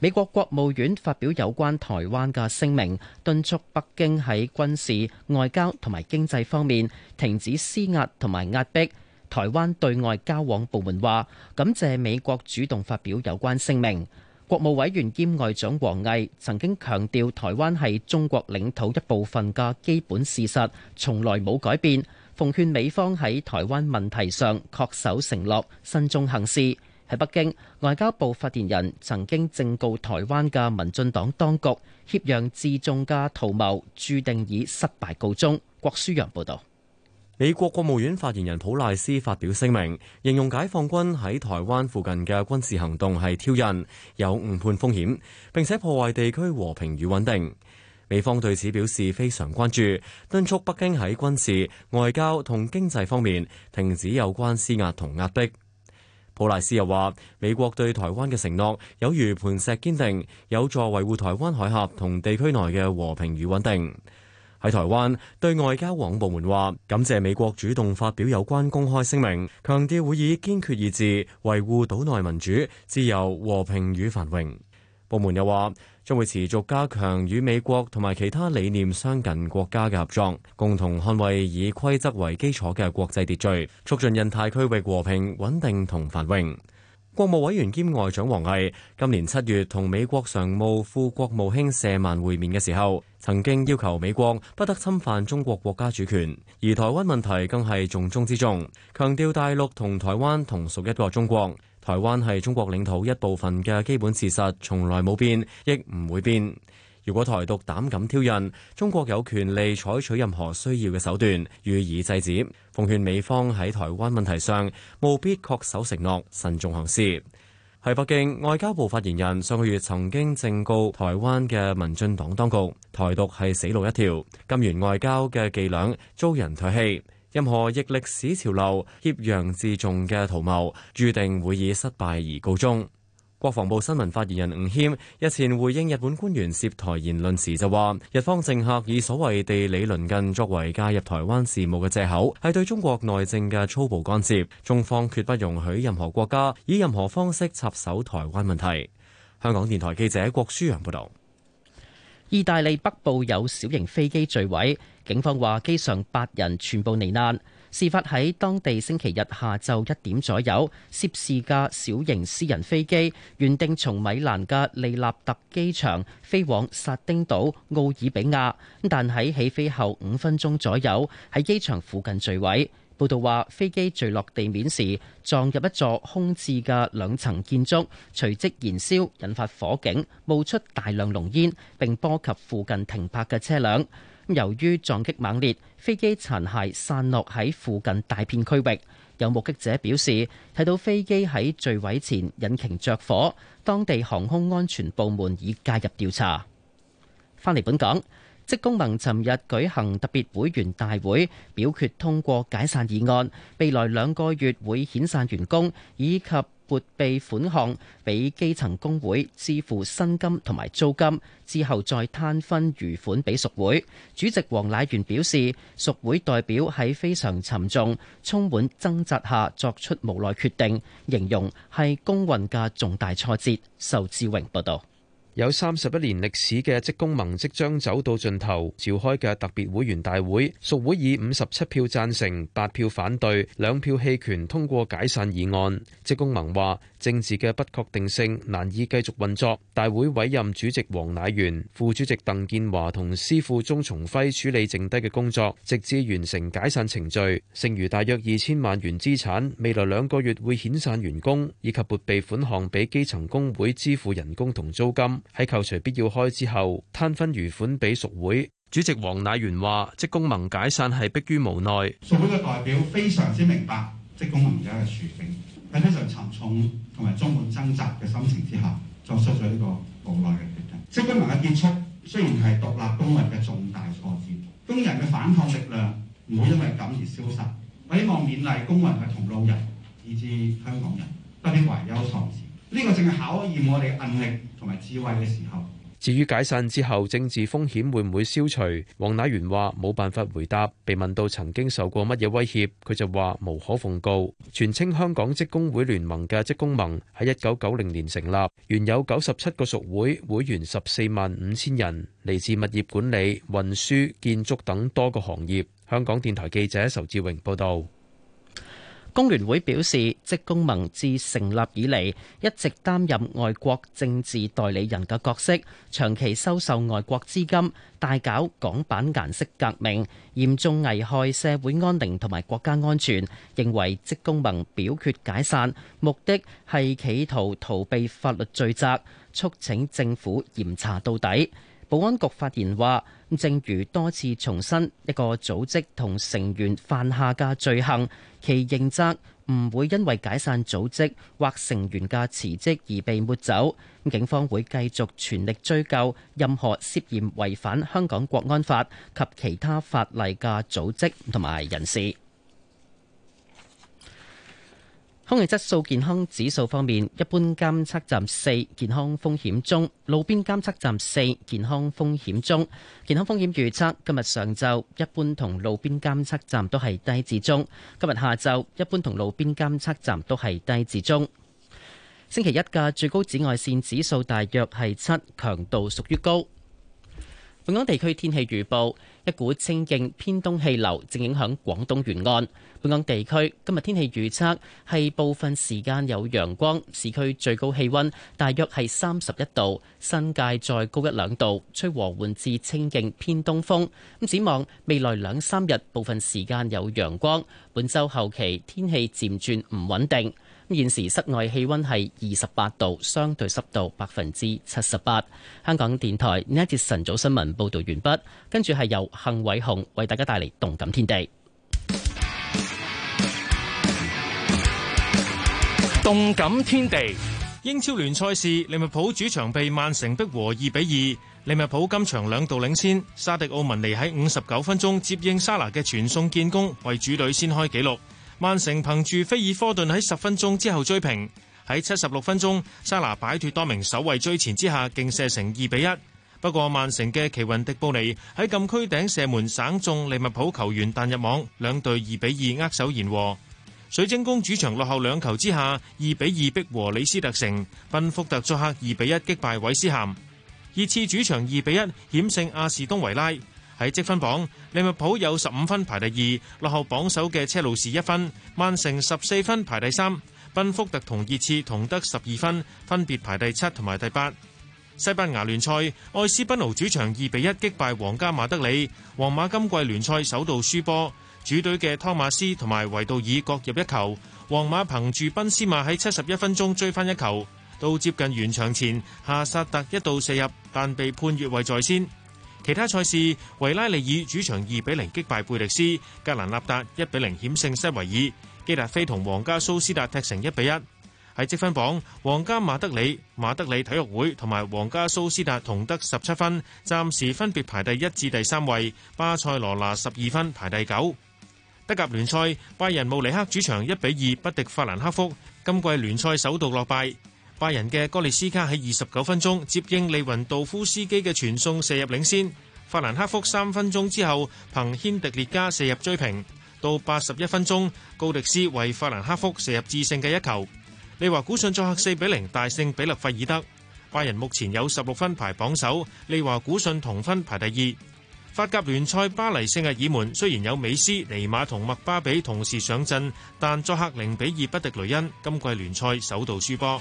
美國國務院發表有關台灣嘅聲明，敦促北京喺軍事、外交同埋經濟方面停止施壓同埋壓迫。台灣對外交往部門話感謝美國主動發表有關聲明。國務委員兼外長王毅曾經強調，台灣係中國領土一部分嘅基本事實，從來冇改變。奉勸美方喺台灣問題上恪守承諾，慎重行事。喺北京，外交部發言人曾經正告台灣嘅民進黨當局，協讓自重嘅圖謀，註定以失敗告終。郭舒陽報導。美國國務院發言人普賴斯發表聲明，形容解放軍喺台灣附近嘅軍事行動係挑釁，有誤判風險，並且破壞地區和平與穩定。美方對此表示非常關注，敦促北京喺軍事、外交同經濟方面停止有關施壓同壓迫。普賴斯又話，美國對台灣嘅承諾有如磐石堅定，有助維護台灣海峽同地區內嘅和平與穩定。喺台灣對外交往部門話感謝美國主動發表有關公開聲明，強調會以堅決意志維護島內民主、自由、和平與繁榮。部門又話將會持續加強與美國同埋其他理念相近國家嘅合作，共同捍衛以規則為基礎嘅國際秩序，促進印太區域和平穩定同繁榮。國務委員兼外長王毅今年七月同美國常務副國務卿舍曼會面嘅時候，曾經要求美國不得侵犯中國國家主權，而台灣問題更係重中之重，強調大陸同台灣同屬一個中國，台灣係中國領土一部分嘅基本事實，從來冇變，亦唔會變。如果台獨膽敢挑釁，中國有權利採取任何需要嘅手段予以制止。奉勸美方喺台灣問題上務必恪守承諾，慎重行事。喺北京外交部發言人上個月曾經正告台灣嘅民進黨當局，台獨係死路一條，金元外交嘅伎倆遭人唾棄，任何逆歷史潮流、挾洋自重嘅圖謀，註定會以失敗而告終。國防部新聞發言人吳謙日前回應日本官員涉台言論時就話，日方政客以所謂地理鄰近作為介入台灣事務嘅借口，係對中國內政嘅粗暴干涉。中方決不容許任何國家以任何方式插手台灣問題。香港電台記者郭舒揚報道。意大利北部有小型飛機墜毀，警方話機上八人全部罹難。事發喺當地星期日下晝一點左右，涉事架小型私人飛機原定從米蘭嘅利納特機場飛往薩丁島奧爾比亞，但喺起飛後五分鐘左右，喺機場附近墜毀。報道話，飛機墜落地面時撞入一座空置嘅兩層建築，隨即燃燒，引發火警，冒出大量濃煙，並波及附近停泊嘅車輛。由於撞擊猛烈，飛機殘骸散落喺附近大片區域。有目擊者表示，睇到飛機喺墜毀前引擎着火。當地航空安全部門已介入調查。翻嚟本港，職工盟尋日舉行特別會員大會，表決通過解散議案。未來兩個月會遣散員工，以及撥備款項俾基層工會支付薪金同埋租金，之後再攤分餘款俾屬會。主席黃乃元表示，屬會代表喺非常沉重、充滿掙扎下作出無奈決定，形容係工運嘅重大挫折。仇志榮報道。有三十一年歷史嘅職工盟即將走到盡頭，召開嘅特別會員大會，屬會以五十七票贊成、八票反對、兩票棄權通過解散議案。職工盟話：政治嘅不確定性難以繼續運作，大會委任主席黃乃元、副主席鄧建華同司庫鍾崇輝處理剩低嘅工作，直至完成解散程序。剩餘大約二千萬元資產，未來兩個月會遣散員工，以及撥備款項俾基層工會支付人工同租金，喺扣除必要開支後，攤分餘款俾屬會。主席黃乃元話職工盟解散係迫於無奈。屬會嘅代表非常之明白職工盟喺非常沉重同埋充滿掙扎嘅心情之下，作出咗呢個無奈嘅決定。職工盟嘅結束雖然係獨立工運嘅重大挫折，工人嘅反抗力量唔會因為咁而消失。我希望勉勵工運嘅同路人以至香港人不必懷憂喪志。呢、這個正係考驗我哋嘅韌力同埋智慧嘅時候。至於解散之後政治風險會唔會消除？黃乃元話冇辦法回答。被問到曾經受過乜嘢威脅，佢就話無可奉告。全稱香港職工會聯盟嘅職工盟喺一九九零年成立，原有九十七個屬會，會員十四萬五千人，嚟自物業管理、運輸、建築等多個行業。香港電台記者仇志榮報導。工聯會表示，職工盟自成立以嚟一直擔任外國政治代理人嘅角色，長期收受外國資金，大搞港版顏色革命，嚴重危害社會安寧同埋國家安全。認為職工盟表決解散，目的係企圖逃避法律罪責，促請政府嚴查到底。保安局發言話，正如多次重申，一個組織同成員犯下嘅罪行，其認責唔會因為解散組織或成員嘅辭職而被抹走。警方會繼續全力追究任何涉嫌違反香港國安法及其他法例嘅組織同埋人士。空氣質素健康指數方面，一般監測站四健康風險中，路邊監測站四健康風險中。健康風險預測今日上晝一般同路邊監測站都係低至中，今日下晝一般同路邊監測站都係低至中。星期一嘅最高紫外線指數大約係七，強度屬於高。本港地區天氣預報：一股清勁偏東氣流正影響廣東沿岸。本港地區今日天氣預測係部分時間有陽光，市區最高氣温大約係三十一度，新界再高一兩度，吹和緩至清勁偏東風。咁展望未來兩三日部分時間有陽光，本周後期天氣漸轉唔穩定。現時室外氣温係二十八度，相對濕度百分之七十八。香港電台呢一節晨早新聞報道完畢，跟住係由幸偉雄為大家帶嚟動感天地。動感天地，英超聯賽事利物浦主場被曼城逼和二比二，利物浦今場兩度領先，沙迪奧文尼喺五十九分鐘接應沙拿嘅傳送建功，為主隊先開紀錄。曼城憑住菲爾科頓喺十分鐘之後追平，喺七十六分鐘，沙拿擺脫多名守衛追前之下，勁射成二比一。不過曼城嘅奇雲迪布尼喺禁區頂射門省中利物浦球員彈入網，兩隊二比二握手言和。水晶宮主場落後兩球之下，二比二逼和里斯特城，賓福特作客二比一擊敗韋斯咸，熱刺主場二比一險勝阿士東維拉。喺積分榜，利物浦有十五分排第二，落後榜首嘅車路士一分；曼城十四分排第三，賓福特同熱刺同得十二分，分別排第七同埋第八。西班牙聯賽，愛斯賓奴主場二比一擊敗皇家馬德里，皇馬今季聯賽首度輸波。主隊嘅湯馬斯同埋維杜爾各入一球，皇馬憑住賓斯馬喺七十一分鐘追翻一球，到接近完場前，夏薩特一度射入，但被判越位在先。其他賽事，維拉利爾主場二比零擊敗貝迪斯，格蘭納達一比零險勝塞維爾，基達菲同皇家蘇斯達踢成一比一。喺積分榜，皇家馬德里、馬德里體育會同埋皇家蘇斯達同得十七分，暫時分別排第一至第三位。巴塞羅那十二分排第九。德甲聯賽，拜仁慕尼黑主場一比二不敵法蘭克福，今季聯賽首度落敗。拜仁嘅哥利斯卡喺二十九分鐘接應利雲道夫斯基嘅傳送射入領先，法蘭克福三分鐘之後憑軒迪列加射入追平。到八十一分鐘，高迪斯為法蘭克福射入致勝嘅一球。利華古信作客四比零大勝比勒費爾德，拜仁目前有十六分排榜首，利華古信同分排第二。法甲聯賽巴黎聖日爾門，雖然有美斯、尼馬同麥巴比同時上陣，但作客零比二不敵雷恩，今季聯賽首度輸波。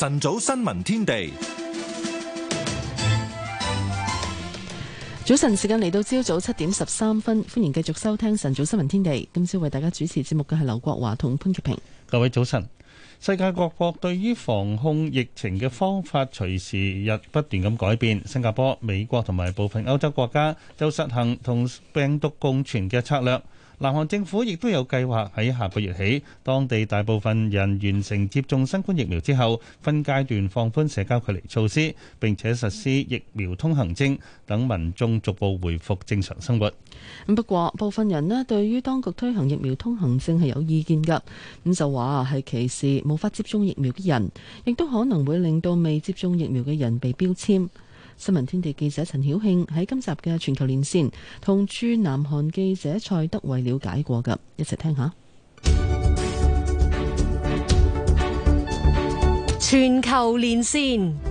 晨早新聞天地，早晨時間嚟到，朝早七點十三分，歡迎繼續收聽晨早新聞天地。今朝為大家主持節目嘅係劉國華同潘潔平。各位早晨，世界各國對於防控疫情嘅方法，隨時日不斷咁改變。新加坡、美國同埋部分歐洲國家就實行同病毒共存嘅策略。南韓政府亦都有計劃喺下個月起，當地大部分人完成接種新冠疫苗之後，分階段放寬社交距離措施，並且實施疫苗通行證，等民眾逐步回復正常生活。不過，部分人咧對於當局推行疫苗通行證係有意見㗎，咁就話係歧視無法接種疫苗嘅人，亦都可能會令到未接種疫苗嘅人被標籤。新聞天地記者陳曉慶喺今集嘅全,全,全球連線，同駐南韓記者蔡德偉了解過㗎，一齊聽下全球連線。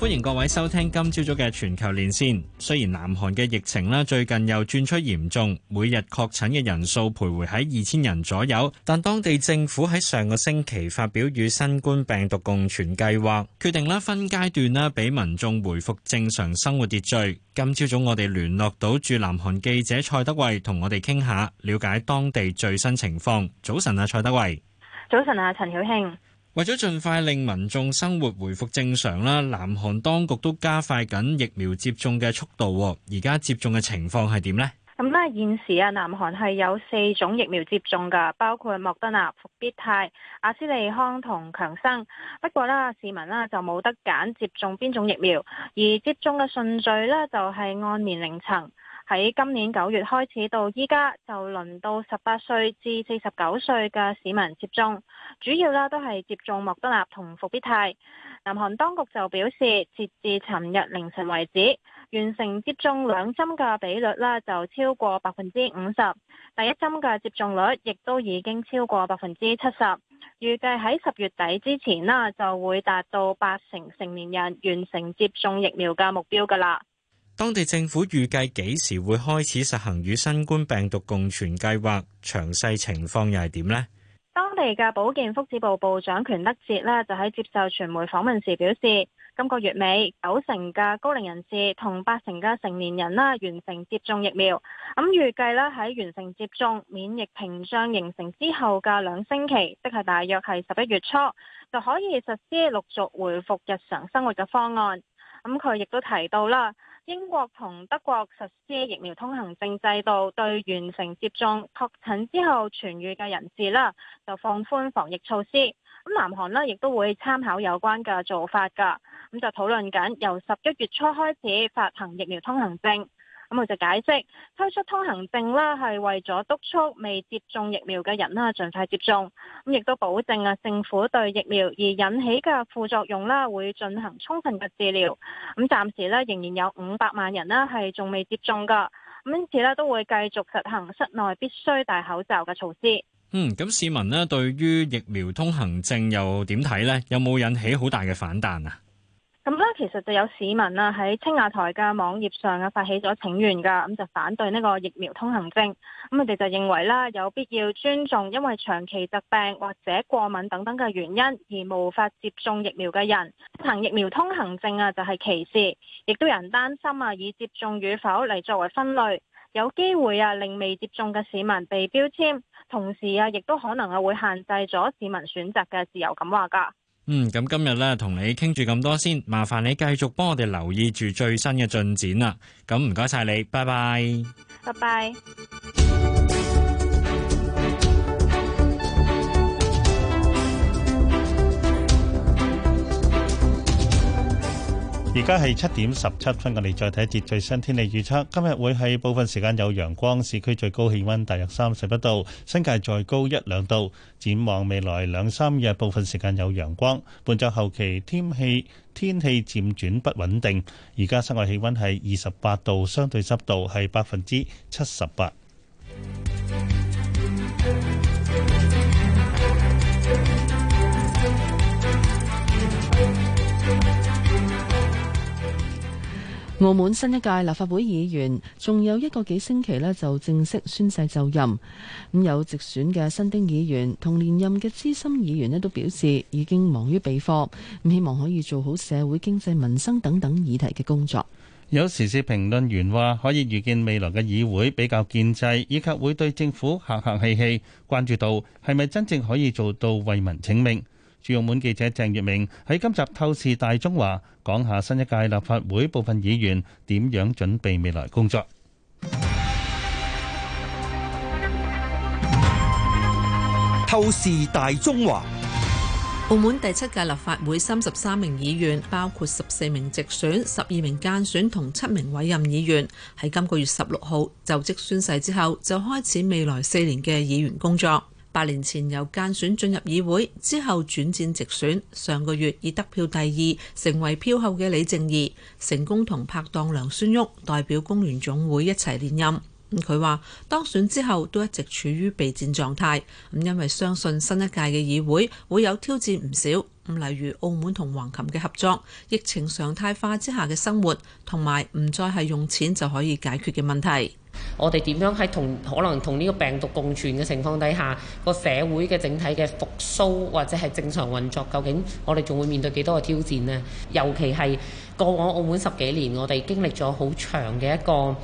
歡迎各位收聽今朝早嘅全球連線。雖然南韓嘅疫情咧最近又轉趨嚴重，每日確診嘅人數徘徊喺二千人左右，但當地政府喺上個星期發表與新冠病毒共存計劃，決定咧分階段咧俾民眾回復正常生活秩序。今朝早我哋聯絡到駐南韓記者蔡德偉，同我哋傾下了解當地最新情況。早晨啊，蔡德偉。早晨啊，陳曉卿。為咗盡快令民眾生活回復正常啦，南韓當局都加快緊疫苗接種嘅速度。而家接種嘅情況係點呢？咁啦，現時啊，南韓係有四種疫苗接種噶，包括莫德納、復必泰、阿斯利康同強生。不過啦，市民啦就冇得揀接種邊種疫苗，而接種嘅順序咧就係按年齡層。喺今年九月開始到依家就輪到十八歲至四十九歲嘅市民接種，主要咧都係接種莫德納同復必泰。南韓當局就表示，截至尋日凌晨為止，完成接種兩針嘅比率咧就超過百分之五十，第一針嘅接種率亦都已經超過百分之七十。預計喺十月底之前啦，就會達到八成成年人完成接種疫苗嘅目標㗎啦。當地政府預計幾時會開始實行與新冠病毒共存計劃？詳細情況又係點呢？當地嘅保健福祉部部長權德哲呢，就喺接受傳媒訪問時表示，今個月尾九成嘅高齡人士同八成嘅成年人啦完成接種疫苗，咁預計咧喺完成接種免疫屏障形成之後嘅兩星期，即係大約係十一月初就可以實施陸續恢復日常生活嘅方案。咁佢亦都提到啦。英國同德國實施疫苗通行證制度，對完成接種、確診之後痊愈嘅人士啦，就放寬防疫措施。咁南韓呢，亦都會參考有關嘅做法噶。咁就討論緊由十一月初開始發行疫苗通行證。咁我就解釋推出通行證啦，係為咗督促未接種疫苗嘅人啦，盡快接種。咁亦都保證啊，政府對疫苗而引起嘅副作用啦，會進行充分嘅治療。咁暫時呢仍然有五百萬人啦係仲未接種噶。咁因此呢都會繼續實行室內必須戴口罩嘅措施。嗯，咁市民呢，對於疫苗通行證又點睇呢？有冇引起好大嘅反彈啊？咁咧，其實就有市民啊喺青亞台嘅網頁上啊發起咗請願噶，咁就反對呢個疫苗通行證。咁佢哋就認為啦，有必要尊重因為長期疾病或者過敏等等嘅原因而無法接種疫苗嘅人，行疫苗通行證啊就係歧視，亦都有人擔心啊以接種與否嚟作為分類，有機會啊令未接種嘅市民被標籤，同時啊亦都可能啊會限制咗市民選擇嘅自由咁話噶。嗯，咁今日呢同你傾住咁多先，麻煩你繼續幫我哋留意住最新嘅進展啦。咁唔該曬你，拜拜，拜拜。而家係七點十七分，我哋再睇一節最新天氣預測。今日會喺部分時間有陽光，市區最高氣溫大約三十一度，新界再高一兩度。展望未來兩三日，部分時間有陽光，本周後期天氣天氣漸轉不穩定。而家室外氣溫係二十八度，相對濕度係百分之七十八。澳門新一屆立法會議員仲有一個幾星期咧就正式宣誓就任，咁有直選嘅新丁議員同連任嘅資深議員咧都表示已經忙於備課，咁希望可以做好社會經濟民生等等議題嘅工作。有時事評論員話可以預見未來嘅議會比較建制，以及會對政府客客氣氣，關注到係咪真正可以做到為民請命。駐澳門記者鄭月明喺今集透視大中華，講下新一屆立法會部分議員點樣準備未來工作。透視大中華。澳門第七屆立法會三十三名議員，包括十四名直選、十二名間選同七名委任議員，喺今個月十六號就職宣誓之後，就開始未來四年嘅議員工作。八年前由間選進入議會，之後轉戰直選，上個月以得票第二，成為票後嘅李靜儀，成功同拍檔梁孫旭代表工聯總會一齊連任。佢話當選之後都一直處於備戰狀態，咁因為相信新一屆嘅議會會有挑戰唔少，例如澳門同橫琴嘅合作，疫情常態化之下嘅生活，同埋唔再係用錢就可以解決嘅問題。我哋點樣喺同可能同呢個病毒共存嘅情況底下，個社會嘅整體嘅復甦或者係正常運作，究竟我哋仲會面對幾多個挑戰呢？尤其係過往澳門十幾年，我哋經歷咗好長嘅一個。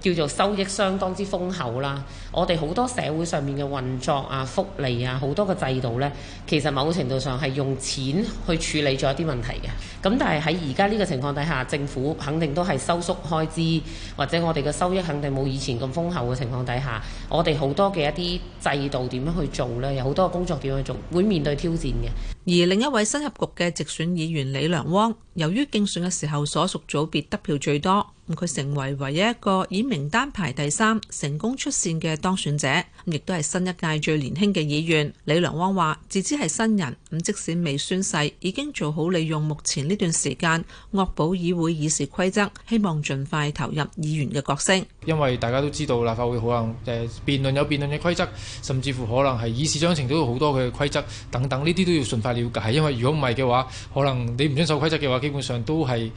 叫做收益相當之豐厚啦。我哋好多社會上面嘅運作啊、福利啊，好多個制度咧，其實某程度上係用錢去處理咗一啲問題嘅。咁但係，喺而家呢個情況底下，政府肯定都係收縮開支，或者我哋嘅收益肯定冇以前咁豐厚嘅情況底下，我哋好多嘅一啲制度點樣去做咧，有好多工作點樣去做，會面對挑戰嘅。而另一位新入局嘅直選議員李良汪，由於競選嘅時候所屬組別得票最多。佢成為唯一一個以名單排第三成功出線嘅當選者，亦都係新一屆最年輕嘅議員。李良汪話，自知係新人，咁即使未宣誓，已經做好利用目前呢段時間惡補議會議事規則，希望盡快投入議員嘅角色。因為大家都知道立法會可能誒辯論有辯論嘅規則，甚至乎可能係議事章程都有好多嘅規則等等，呢啲都要盡快了解。因為如果唔係嘅話，可能你唔遵守規則嘅話，基本上都係。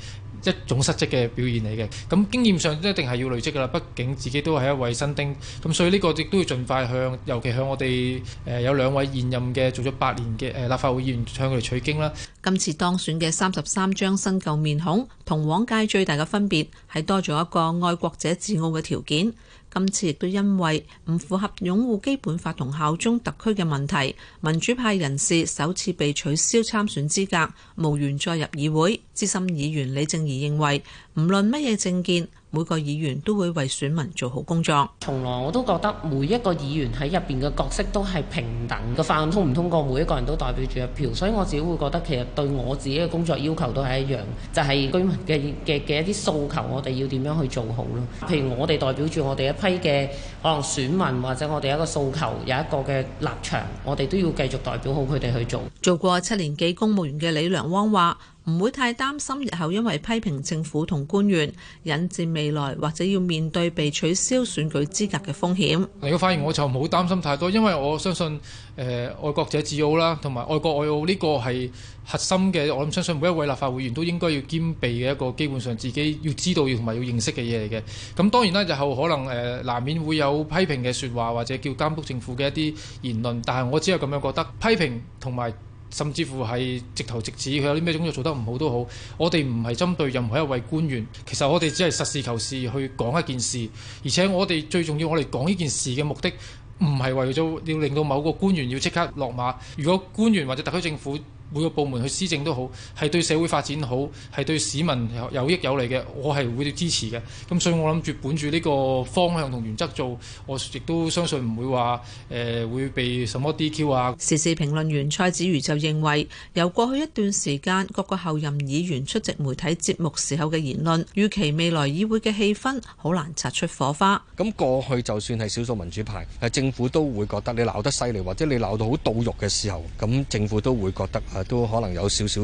一種失職嘅表現嚟嘅，咁經驗上一定係要累積㗎喇，畢竟自己都係一位新丁，咁所以呢個亦都要盡快向，尤其向我哋誒有兩位現任嘅做咗八年嘅誒立法會議員向佢哋取經啦。今次當選嘅三十三張新舊面孔，同往屆最大嘅分別係多咗一個愛國者自傲嘅條件。今次亦都因為唔符合擁護基本法同效忠特區嘅問題，民主派人士首次被取消參選資格，無緣再入議會。資深議員李正儀認為，無論乜嘢政見。每個議員都會為選民做好工作。從來我都覺得每一個議員喺入邊嘅角色都係平等嘅，法案通唔通過，每一個人都代表住一票。所以我自己會覺得其實對我自己嘅工作要求都係一樣，就係居民嘅嘅嘅一啲訴求，我哋要點樣去做好咯。譬如我哋代表住我哋一批嘅可能選民，或者我哋一個訴求有一個嘅立場，我哋都要繼續代表好佢哋去做。做過七年幾公務員嘅李良汪話。唔會太擔心日後因為批評政府同官員引致未來或者要面對被取消選舉資格嘅風險。如果反而我就唔好擔心太多，因為我相信誒愛、呃、國者治澳啦，同埋愛國愛澳呢個係核心嘅。我諗相信每一位立法會議員都應該要兼備嘅一個基本上自己要知道要同埋要認識嘅嘢嚟嘅。咁、嗯、當然啦，日後可能誒、呃、難免會有批評嘅説話或者叫監督政府嘅一啲言論，但係我只係咁樣覺得批評同埋，甚至乎係直頭直指佢有啲咩工作做得唔好都好，我哋唔係針對任何一位官員，其實我哋只係實事求是去講一件事，而且我哋最重要，我哋講呢件事嘅目的唔係為咗要令到某個官員要即刻落馬，如果官員或者特區政府，每個部門去施政都好，係對社會發展好，係對市民有益有利嘅，我係會支持嘅。咁所以我諗住本住呢個方向同原則做，我亦都相信唔會話誒、呃、會被什麼 DQ 啊。時事評論員蔡子瑜就認為，由過去一段時間各個候任議員出席媒體節目時候嘅言論，預期未來議會嘅氣氛好難擦出火花。咁過去就算係少數民主派，政府都會覺得你鬧得犀利，或者你鬧到好到肉嘅時候，咁政府都會覺得都可能有少少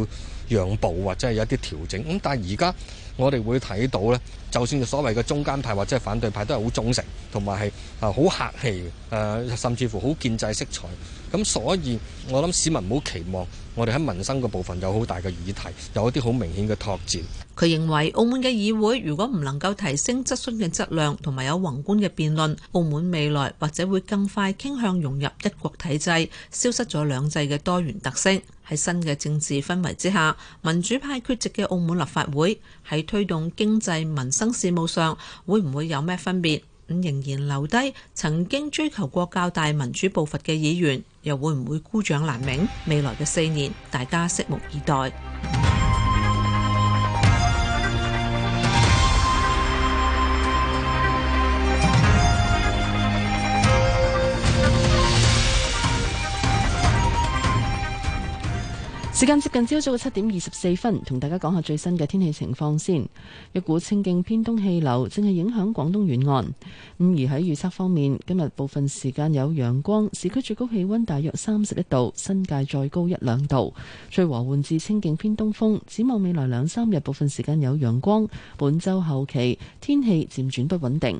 讓步或者係有一啲調整，咁但係而家我哋會睇到咧，就算係所謂嘅中間派或者係反對派都，都係好忠誠，同埋係啊好客氣，誒甚至乎好建制色彩，咁所以我諗市民唔好期望。我哋喺民生嘅部分有好大嘅議題，有一啲好明顯嘅拓展。佢認為澳門嘅議會如果唔能夠提升質詢嘅質量，同埋有宏觀嘅辯論，澳門未來或者會更快傾向融入一國體制，消失咗兩制嘅多元特色。喺新嘅政治氛圍之下，民主派缺席嘅澳門立法會喺推動經濟民生事務上，會唔會有咩分別？咁仍然留低曾經追求過較大民主步伐嘅議員。又會唔會孤掌難鳴？未來嘅四年，大家拭目以待。時間接近朝早嘅七點二十四分，同大家講下最新嘅天氣情況先。一股清勁偏東氣流正係影響廣東沿岸。咁而喺預測方面，今日部分時間有陽光，市區最高氣溫大約三十一度，新界再高一兩度。吹和緩至清勁偏東風，展望未來兩三日部分時間有陽光。本周後期天氣漸轉不穩定。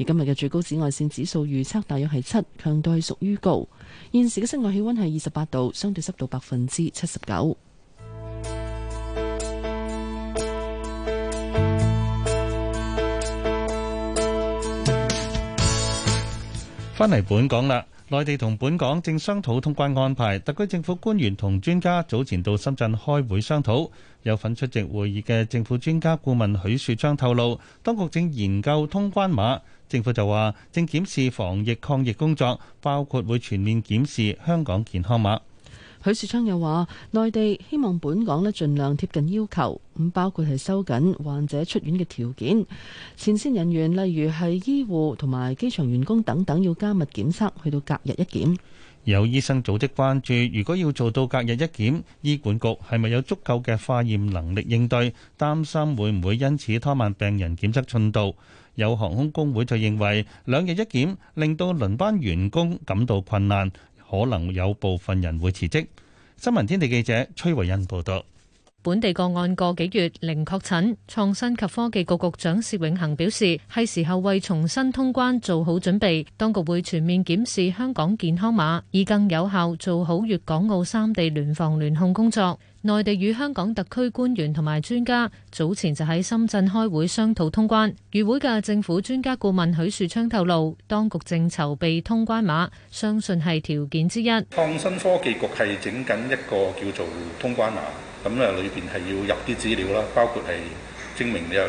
而今日嘅最高紫外線指數預測大約係七，強度係屬於高。現時嘅室外氣溫係二十八度，相對濕度百分之七十九。翻嚟本港啦，內地同本港正商討通關安排。特區政府官員同專家早前到深圳開會商討，有份出席會議嘅政府專家顧問許樹昌透露，當局正研究通關碼。政府就話正檢視防疫抗疫工作，包括會全面檢視香港健康碼。許樹昌又話，內地希望本港咧盡量貼近要求，咁包括係收緊患者出院嘅條件，前線人員例如係醫護同埋機場員工等等要加密檢測，去到隔日一檢。有醫生組織關注，如果要做到隔日一檢，醫管局係咪有足夠嘅化驗能力應對？擔心會唔會因此拖慢病人檢測進度？有航空工會就認為兩日一檢令到輪班員工感到困難，可能有部分人會辭職。新聞天地記者崔慧恩報道。本地個案個幾月零確診，創新及科技局局長薛永恆表示，係時候為重新通關做好準備，當局會全面檢視香港健康碼，以更有效做好粵港澳三地聯防聯控工作。內地與香港特區官員同埋專家早前就喺深圳開會商討通關。與會嘅政府專家顧問許樹昌透露，當局正籌備通關碼，相信係條件之一。創新科技局係整緊一個叫做通關碼，咁咧裏面係要入啲資料啦，包括係。證明你又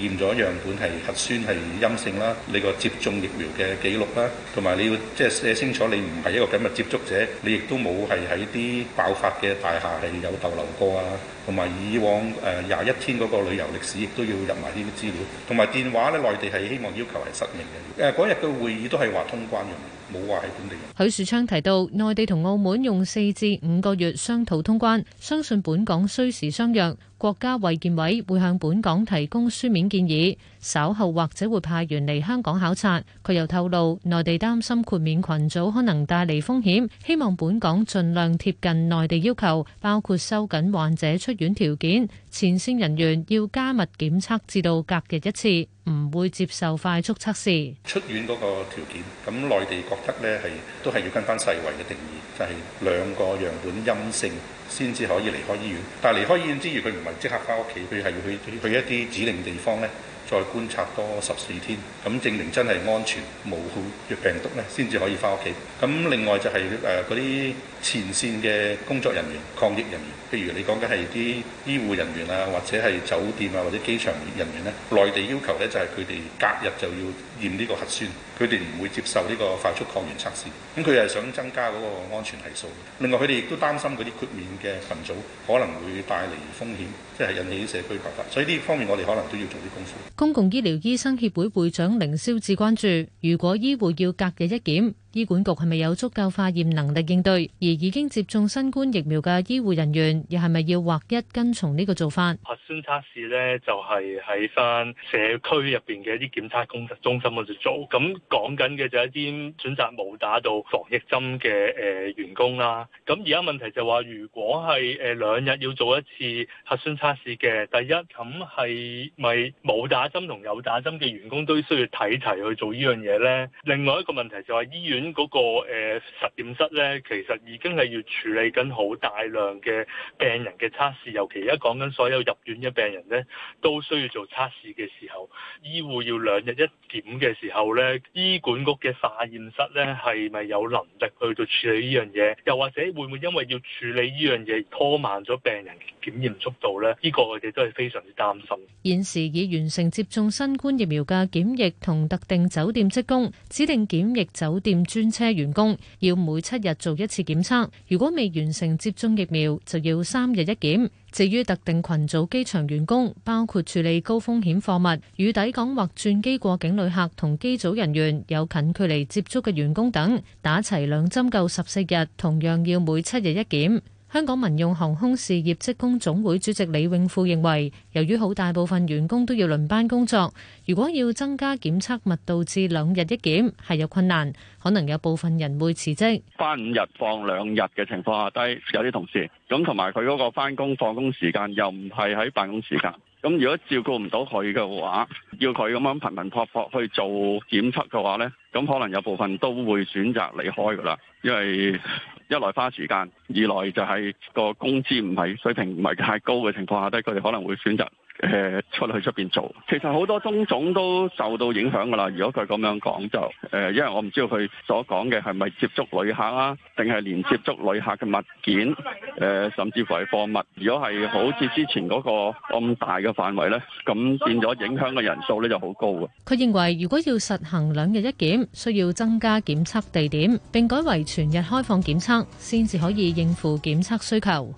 驗咗樣本係核酸係陰性啦，你個接種疫苗嘅記錄啦，同埋你要即係寫清楚你唔係一個緊密嘅接觸者，你亦都冇係喺啲爆發嘅大廈係有逗留過啊，同埋以往誒廿一天嗰個旅遊歷史亦都要入埋啲資料，同埋電話咧，內地係希望要求係實名嘅。誒嗰日嘅會議都係話通關嘅，冇話係本地。許樹昌提到，內地同澳門用四至五個月商討通關，相信本港需時相若。國家衛健委會向本港提供書面建議，稍後或者會派員嚟香港考察。佢又透露，內地擔心豁免羣組可能帶嚟風險，希望本港盡量貼近內地要求，包括收緊患者出院條件，前線人員要加密檢測至到隔日一次，唔會接受快速測試。出院嗰個條件，咁內地覺得呢係都係要跟翻世衛嘅定義，就係兩個樣本陰性，先至可以離開醫院，但係離開醫院之餘，佢唔係即刻翻屋企，佢係要去去一啲指定地方咧，再觀察多十四天，咁證明真係安全無害嘅病毒咧，先至可以翻屋企。咁另外就係誒嗰啲前線嘅工作人員、抗疫人員，譬如你講緊係啲醫護人員啊，或者係酒店啊或者機場人員呢，內地要求呢就係佢哋隔日就要驗呢個核酸，佢哋唔會接受呢個快速抗原測試。咁佢係想增加嗰個安全係數。另外佢哋亦都擔心嗰啲豁免嘅群組可能會帶嚟風險。即係引起社區爆發，所以呢方面我哋可能都要做啲功夫。公共醫療醫生協會會長凌霄志關注，如果醫護要隔日一檢，醫管局係咪有足夠化驗能力應對？而已經接種新冠疫苗嘅醫護人員，又係咪要劃一跟從呢個做法？核酸測試呢，就係喺翻社區入邊嘅一啲檢測工中心嗰度做。咁講緊嘅就係一啲選擇冇打到防疫針嘅誒員工啦。咁而家問題就係話，如果係誒兩日要做一次核酸測試嘅，第一咁係咪冇打針同有打針嘅員工都需要睇齊去做呢樣嘢呢？另外一個問題就係醫院。嗰個誒實驗室咧，其實已經係要處理緊好大量嘅病人嘅測試，尤其而家講緊所有入院嘅病人咧，都需要做測試嘅時候，醫護要兩日一檢嘅時候咧，醫管局嘅化驗室咧係咪有能力去到處理呢樣嘢？又或者會唔會因為要處理呢樣嘢拖慢咗病人檢驗速度咧？呢個我哋都係非常之擔心。現時已完成接種新冠疫苗嘅檢疫同特定酒店職工指定檢疫酒店。專車員工要每七日做一次檢測，如果未完成接種疫苗，就要三日一檢。至於特定群組機場員工，包括處理高風險貨物、與抵港或轉機過境旅客同機組人員有近距離接觸嘅員工等，打齊兩針夠十四日，同樣要每七日一檢。香港民用航空事業職工總會主席李永富認為，由於好大部分員工都要輪班工作，如果要增加檢測密度至兩日一檢係有困難，可能有部分人會辭職。翻五日放兩日嘅情況下，低有啲同事咁同埋佢嗰個翻工放工時間又唔係，喺辦公時間，咁如果照顧唔到佢嘅話，要佢咁樣頻頻撲撲去做檢測嘅話，咧，咁可能有部分都會選擇離開噶啦，因為。一來花時間，二來就係個工資唔係水平唔係太高嘅情況下，咧佢哋可能會選擇。誒出去出邊做，其實好多工種都受到影響噶啦。如果佢咁樣講就誒，因為我唔知道佢所講嘅係咪接觸旅客啊，定係連接觸旅客嘅物件誒，甚至乎係貨物。如果係好似之前嗰個咁大嘅範圍咧，咁變咗影響嘅人數咧就好高啊，佢認為如果要實行兩日一檢，需要增加檢測地點，並改為全日開放檢測先至可以應付檢測需求。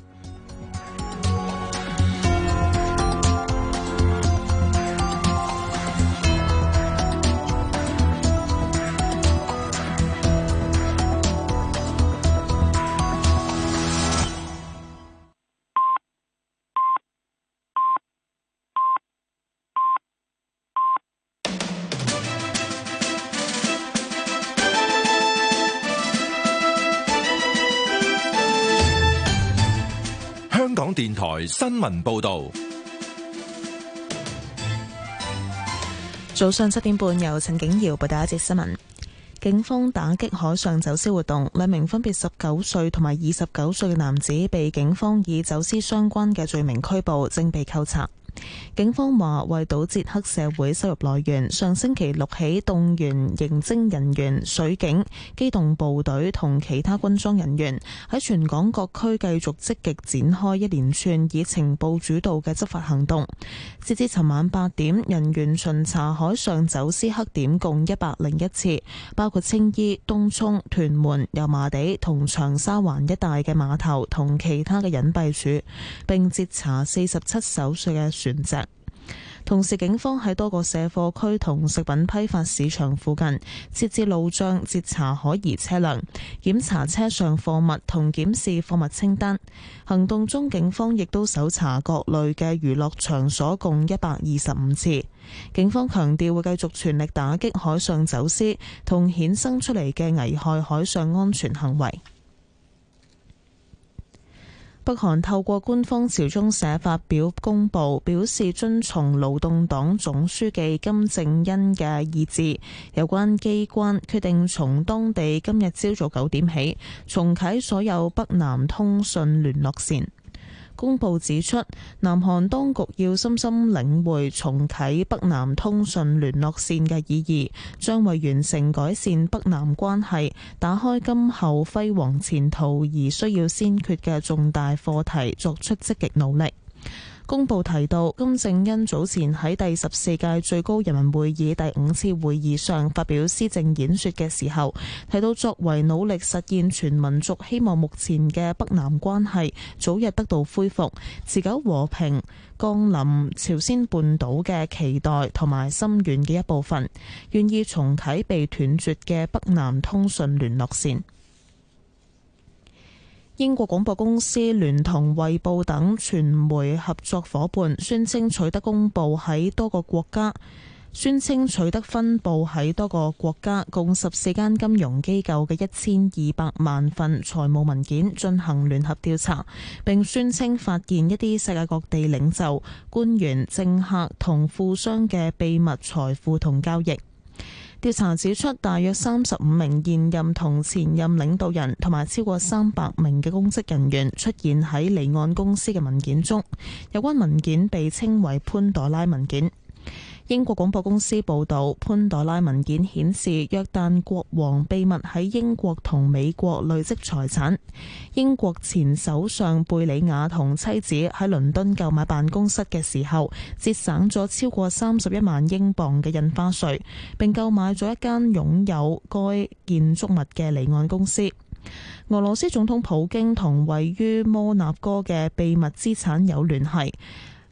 台新聞報道，早上七點半由陳景堯報道一節新聞。警方打擊海上走私活動，兩名分別十九歲同埋二十九歲嘅男子被警方以走私相關嘅罪名拘捕，正被扣查。警方話為堵截黑社會收入來源，上星期六起動員刑偵人員、水警、機動部隊同其他軍裝人員喺全港各區繼續積極展開一連串以情報主導嘅執法行動。截至尋晚八點，人員巡查海上走私黑點共一百零一次，包括青衣、東涌、屯門、油麻地同長沙灣一帶嘅碼頭同其他嘅隱蔽處，並截查四十七艘碎嘅船。船同時，警方喺多個卸貨區同食品批發市場附近設置路障，截查可疑車輛，檢查車上貨物同檢視貨物清單。行動中，警方亦都搜查各類嘅娛樂場所共一百二十五次。警方強調會繼續全力打擊海上走私同衍生出嚟嘅危害海上安全行為。北韓透過官方朝中社發表公佈，表示遵從勞動黨總書記金正恩嘅意志，有關機關決定從當地今日朝早九點起重啟所有北南通訊聯絡線。公布指出，南韓當局要深深領會重啟北南通訊聯絡線嘅意義，將為完成改善北南關係，打開今後輝煌前途而需要先決嘅重大課題作出積極努力。公布提到，金正恩早前喺第十四屆最高人民會議第五次會議上發表施政演說嘅時候，提到作為努力實現全民族希望，目前嘅北南關係早日得到恢復，持久和平降臨朝鮮半島嘅期待同埋心願嘅一部分，願意重啟被斷絕嘅北南通訊聯絡線。英國廣播公司聯同衛報等傳媒合作夥伴宣稱取得公布喺多個國家，宣稱取得分布喺多個國家共十四間金融機構嘅一千二百萬份財務文件進行聯合調查，並宣稱發現一啲世界各地領袖、官員、政客同富商嘅秘密財富同交易。調查指出，大約三十五名現任同前任領導人，同埋超過三百名嘅公職人員出現喺離岸公司嘅文件中，有關文件被稱為潘朵拉文件。英國廣播公司報導，潘朵拉文件顯示約旦國王秘密喺英國同美國累積財產。英國前首相貝里亞同妻子喺倫敦購買辦公室嘅時候，節省咗超過三十一萬英鎊嘅印花稅，並購買咗一間擁有該建築物嘅離岸公司。俄羅斯總統普京同位於摩納哥嘅秘密資產有聯繫。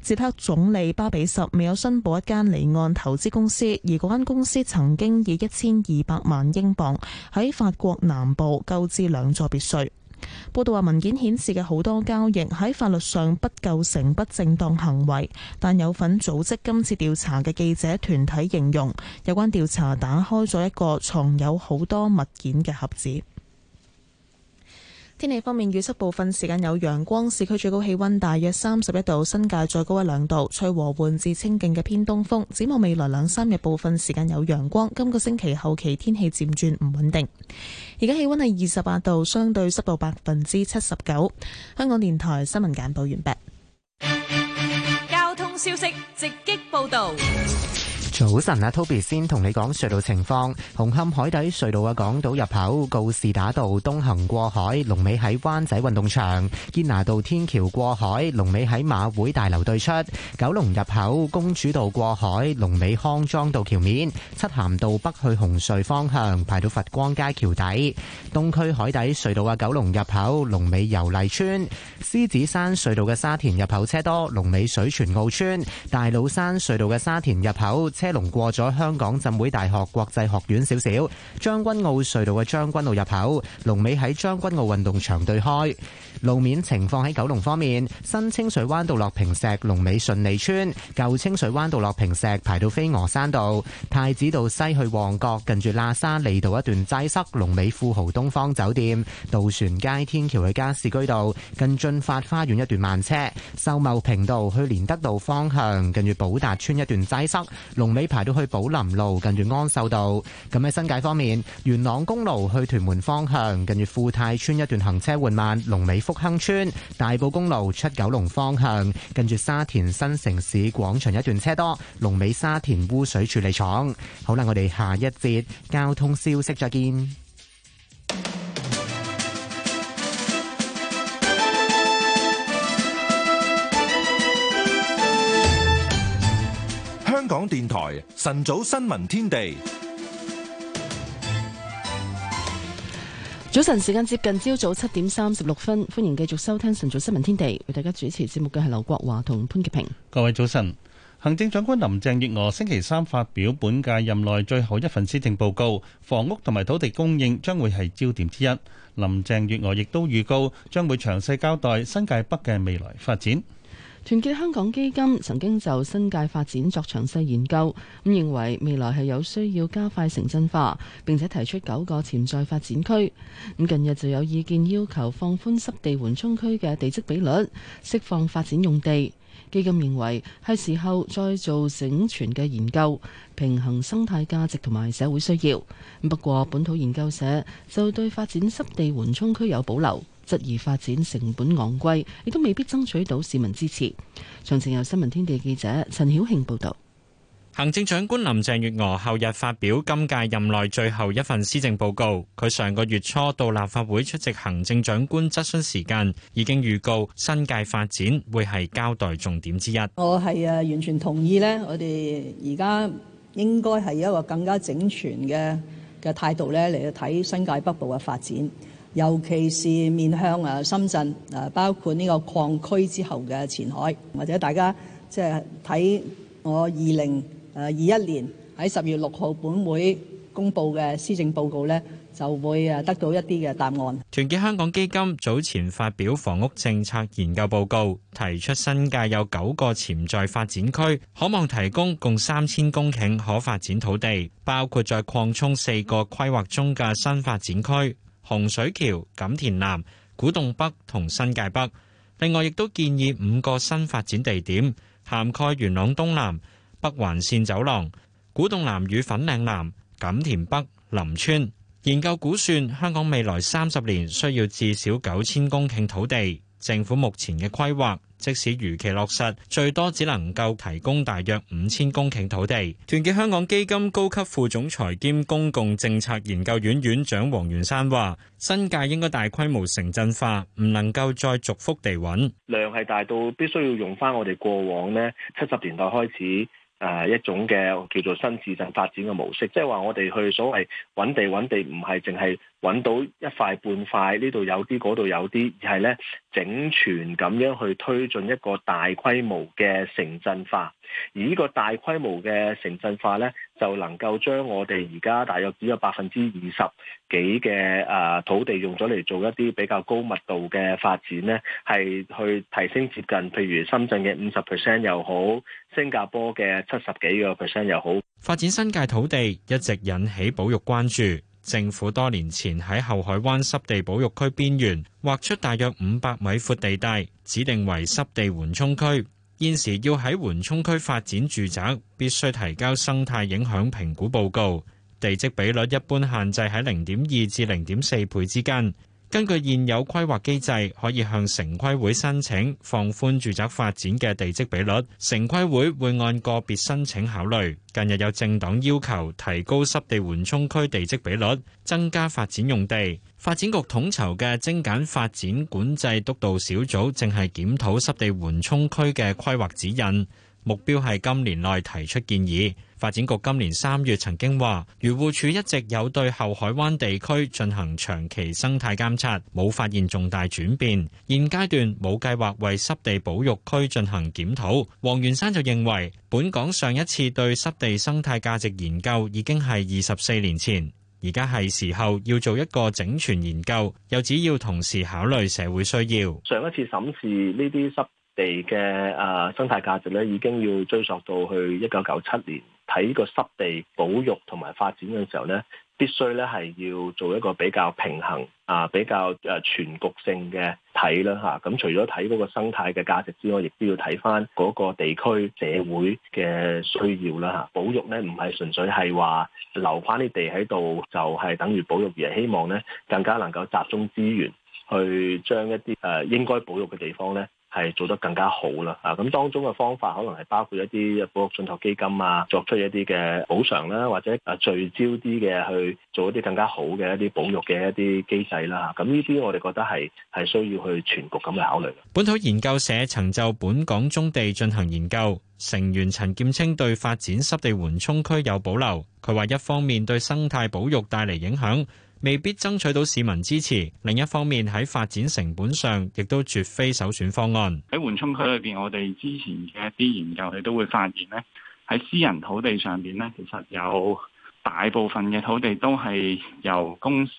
捷克總理巴比什未有申報一間離岸投資公司，而嗰間公司曾經以一千二百萬英鎊喺法國南部購置兩座別墅。報道話，文件顯示嘅好多交易喺法律上不構成不正當行為，但有份組織今次調查嘅記者團體形容，有關調查打開咗一個藏有好多物件嘅盒子。天氣方面，預測部分時間有陽光，市區最高氣温大約三十一度，新界再高一兩度，吹和緩至清勁嘅偏東風。展望未來兩三日部分時間有陽光，今個星期後期天氣漸轉唔穩定。而家氣温係二十八度，相對濕度百分之七十九。香港電台新聞簡報完畢。交通消息直擊報道。早晨啊，Toby 先同你講隧道情況。紅磡海底隧道嘅港島入口告士打道東行過海，龍尾喺灣仔運動場；堅拿道天橋過海，龍尾喺馬會大樓對出；九龍入口公主道過海，龍尾康莊道橋面；漆咸道北去紅隧方向，排到佛光街橋底；東區海底隧道嘅九龍入口，龍尾油麗村；獅子山隧道嘅沙田入口車多，龍尾水泉澳村；大老山隧道嘅沙田入口車。車龍過咗香港浸會大學國際學院少少，將軍澳隧道嘅將軍澳入口，龍尾喺將軍澳運動場對開。路面情況喺九龍方面，新清水灣道落坪石，龍尾順利村；舊清水灣道落坪石，排到飛鵝山道。太子道西去旺角，近住喇沙利道一段擠塞，龍尾富豪東方酒店。渡船街天橋嘅加士居道，近駿發花園一段慢車。秀茂坪道去連德道方向，近住寶達邨一段擠塞，龍。尾排到去寶林路，近住安秀道。咁喺新界方面，元朗公路去屯門方向，近住富泰村一段行車緩慢。龍尾福亨村，大埔公路出九龍方向，近住沙田新城市廣場一段車多，龍尾沙田污水處理廠。好啦，我哋下一節交通消息再見。港電台晨早新聞天地。早晨時間接近朝早七點三十六分，歡迎繼續收聽晨早新聞天地，為大家主持節目嘅係劉國華同潘潔平。各位早晨，行政長官林鄭月娥星期三發表本屆任內最後一份施政報告，房屋同埋土地供應將會係焦點之一。林鄭月娥亦都預告將會詳細交代新界北嘅未來發展。團結香港基金曾經就新界發展作詳細研究，咁認為未來係有需要加快城鎮化，並且提出九個潛在發展區。咁近日就有意見要求放寬濕地緩衝區嘅地積比率，釋放發展用地。基金認為係時候再做整全嘅研究，平衡生態價值同埋社會需要。不過本土研究社就對發展濕地緩衝區有保留。質疑發展成本昂貴，亦都未必爭取到市民支持。詳情由新聞天地記者陳曉慶報道。行政長官林鄭月娥後日發表今屆任內最後一份施政報告，佢上個月初到立法會出席行政長官質詢時間，已經預告新界發展會係交代重點之一。我係啊，完全同意呢，我哋而家應該係一個更加整全嘅嘅態度呢嚟去睇新界北部嘅發展。尤其是面向誒深圳誒，包括呢個礦區之後嘅前海，或者大家即係睇我二零誒二一年喺十月六號本會公布嘅施政報告咧，就會誒得到一啲嘅答案。團結香港基金早前發表房屋政策研究報告，提出新界有九個潛在發展區，可望提供共三千公頃可發展土地，包括在擴充四個規劃中嘅新發展區。洪水橋、錦田南、古洞北同新界北，另外亦都建議五個新發展地點，涵蓋元朗東南、北環線走廊、古洞南與粉嶺南、錦田北、林村。研究估算，香港未來三十年需要至少九千公頃土地。政府目前嘅規劃。即使如期落實，最多只能夠提供大約五千公頃土地。團結香港基金高級副總裁兼公共政策研究院院長黃元山話：新界應該大規模城鎮化，唔能夠再逐幅地揾，量係大到必須要用翻我哋過往呢七十年代開始，誒一種嘅叫做新市鎮發展嘅模式，即係話我哋去所謂揾地揾地，唔係淨係。揾到一塊半塊，呢度有啲，嗰度有啲，而係咧整全咁樣去推進一個大規模嘅城鎮化，而呢個大規模嘅城鎮化咧，就能夠將我哋而家大約只有百分之二十幾嘅誒土地用咗嚟做一啲比較高密度嘅發展咧，係去提升接近，譬如深圳嘅五十 percent 又好，新加坡嘅七十幾個 percent 又好，發展新界土地一直引起保育關注。政府多年前喺後海灣濕地保育區邊緣劃出大約五百米闊地帶，指定為濕地緩衝區。現時要喺緩衝區發展住宅，必須提交生態影響評估報告，地積比率一般限制喺零點二至零點四倍之間。根據現有規劃機制，可以向城規會申請，放寬住宅發展嘅地積比率。城規會會按個別申請考慮，近日有政黨要求提高濕地緩衝區地積比率，增加發展用地。發展局統籌嘅精簡發展管制督導小組，正係檢討濕地緩衝區嘅規劃指引。目標係今年內提出建議。發展局今年三月曾經話，漁護署一直有對後海灣地區進行長期生態監察，冇發現重大轉變。現階段冇計劃為濕地保育區進行檢討。黃元山就認為，本港上一次對濕地生態價值研究已經係二十四年前，而家係時候要做一個整全研究，又只要同時考慮社會需要。上一次審視呢啲濕地嘅誒生態價值咧，已經要追溯到去一九九七年。睇呢個濕地保育同埋發展嘅時候咧，必須咧係要做一個比較平衡啊，比較誒、呃、全局性嘅睇啦吓，咁、啊嗯、除咗睇嗰個生態嘅價值之外，亦都要睇翻嗰個地區社會嘅需要啦嚇、啊。保育咧唔係純粹係話留翻啲地喺度就係、是、等於保育，而係希望咧更加能夠集中資源去將一啲誒、呃、應該保育嘅地方咧。係做得更加好啦啊！咁當中嘅方法可能係包括一啲保育信託基金啊，作出一啲嘅補償啦，或者啊聚焦啲嘅去做一啲更加好嘅一啲保育嘅一啲機制啦。咁呢啲我哋覺得係係需要去全局咁去考慮嘅。本土研究社曾就本港棕地進行研究，成員陳劍清對發展濕地緩衝區有保留。佢話一方面對生態保育帶嚟影響。未必爭取到市民支持，另一方面喺發展成本上，亦都絕非首選方案。喺緩衝區裏邊，我哋之前嘅一啲研究，你都會發現呢喺私人土地上邊呢，其實有大部分嘅土地都係由公司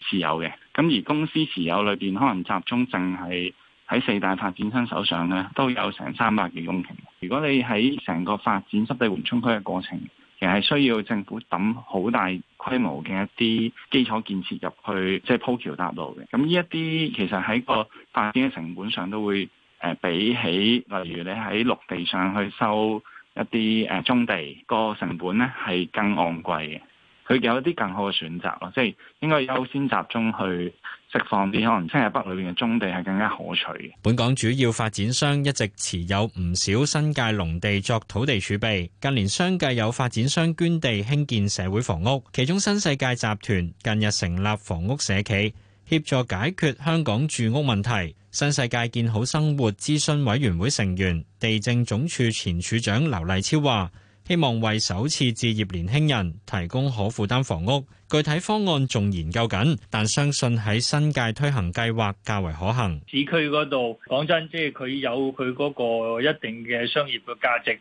持有嘅。咁而公司持有裏邊，可能集中淨係喺四大發展商手上咧，都有成三百幾公頃。如果你喺成個發展濕地緩衝區嘅過程，係需要政府抌好大規模嘅一啲基礎建設入去，即係鋪橋搭路嘅。咁呢一啲其實喺個發展嘅成本上都會誒比起，例如你喺陸地上去收一啲誒棕地個成本咧，係更昂貴嘅。佢有一啲更好嘅選擇咯，即係應該優先集中去釋放啲可能清亞北裏面嘅中地，係更加可取。本港主要發展商一直持有唔少新界農地作土地儲備，近年商界有發展商捐地興建社會房屋，其中新世界集團近日成立房屋社企，協助解決香港住屋問題。新世界建好生活諮詢委員會成員、地政總署前署長劉麗超話。希望為首次置業年輕人提供可負擔房屋，具體方案仲研究緊，但相信喺新界推行計劃較為可行。市區嗰度講真，即係佢有佢嗰個一定嘅商業嘅價值。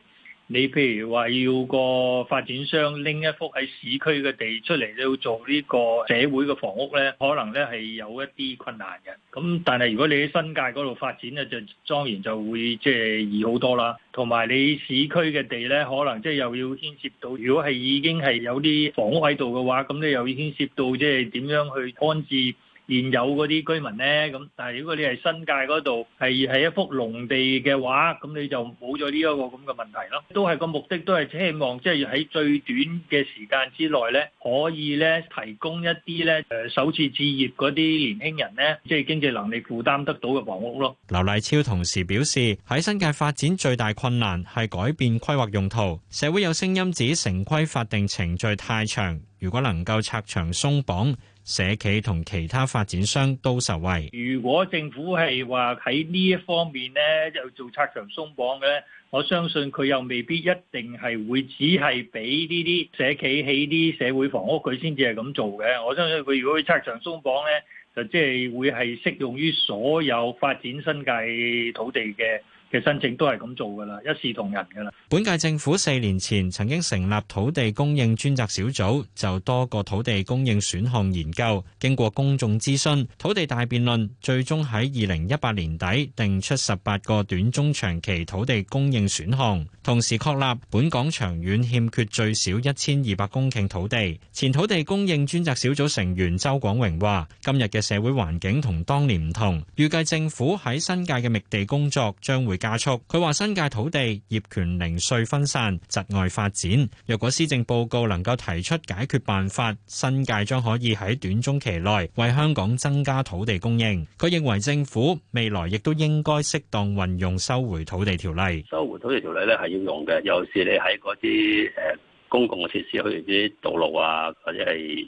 你譬如話要個發展商拎一幅喺市區嘅地出嚟你要做呢個社會嘅房屋咧，可能咧係有一啲困難嘅。咁但係如果你喺新界嗰度發展咧，就當然就會即係易好多啦。同埋你市區嘅地咧，可能即係又要牽涉到，如果係已經係有啲房屋喺度嘅話，咁你又要牽涉到即係點樣去安置？現有嗰啲居民呢，咁但係如果你喺新界嗰度係係一幅農地嘅話，咁你就冇咗呢一個咁嘅問題咯。都係個目的，都係希望即係要喺最短嘅時間之內呢，可以呢提供一啲呢誒首次置業嗰啲年輕人呢，即係經濟能力負擔得到嘅房屋咯。劉勵超同時表示，喺新界發展最大困難係改變規劃用途。社會有聲音指城規法定程序太長，如果能夠拆牆鬆綁。社企同其他發展商都受惠。如果政府係話喺呢一方面咧，就做拆牆鬆綁嘅，我相信佢又未必一定係會只係俾呢啲社企起啲社會房屋，佢先至係咁做嘅。我相信佢如果去拆牆鬆綁咧，就即係會係適用於所有發展新界土地嘅。嘅申請都係咁做噶啦，一視同仁噶啦。本屆政府四年前曾經成立土地供應專責小組，就多個土地供應選項研究，經過公眾諮詢、土地大辯論，最終喺二零一八年底定出十八個短中長期土地供應選項，同時確立本港長遠欠缺最少一千二百公頃土地。前土地供應專責小組成員周廣榮話，今日嘅社會環境同當年唔同，預計政府喺新界嘅覓地工作將會加速，佢話新界土地業權零碎分散，窒礙發展。若果施政報告能夠提出解決辦法，新界將可以喺短中期內為香港增加土地供應。佢認為政府未來亦都應該適當運用收回土地條例。收回土地條例咧係要用嘅，尤其是你喺嗰啲誒公共嘅設施，譬如啲道路啊，或者係誒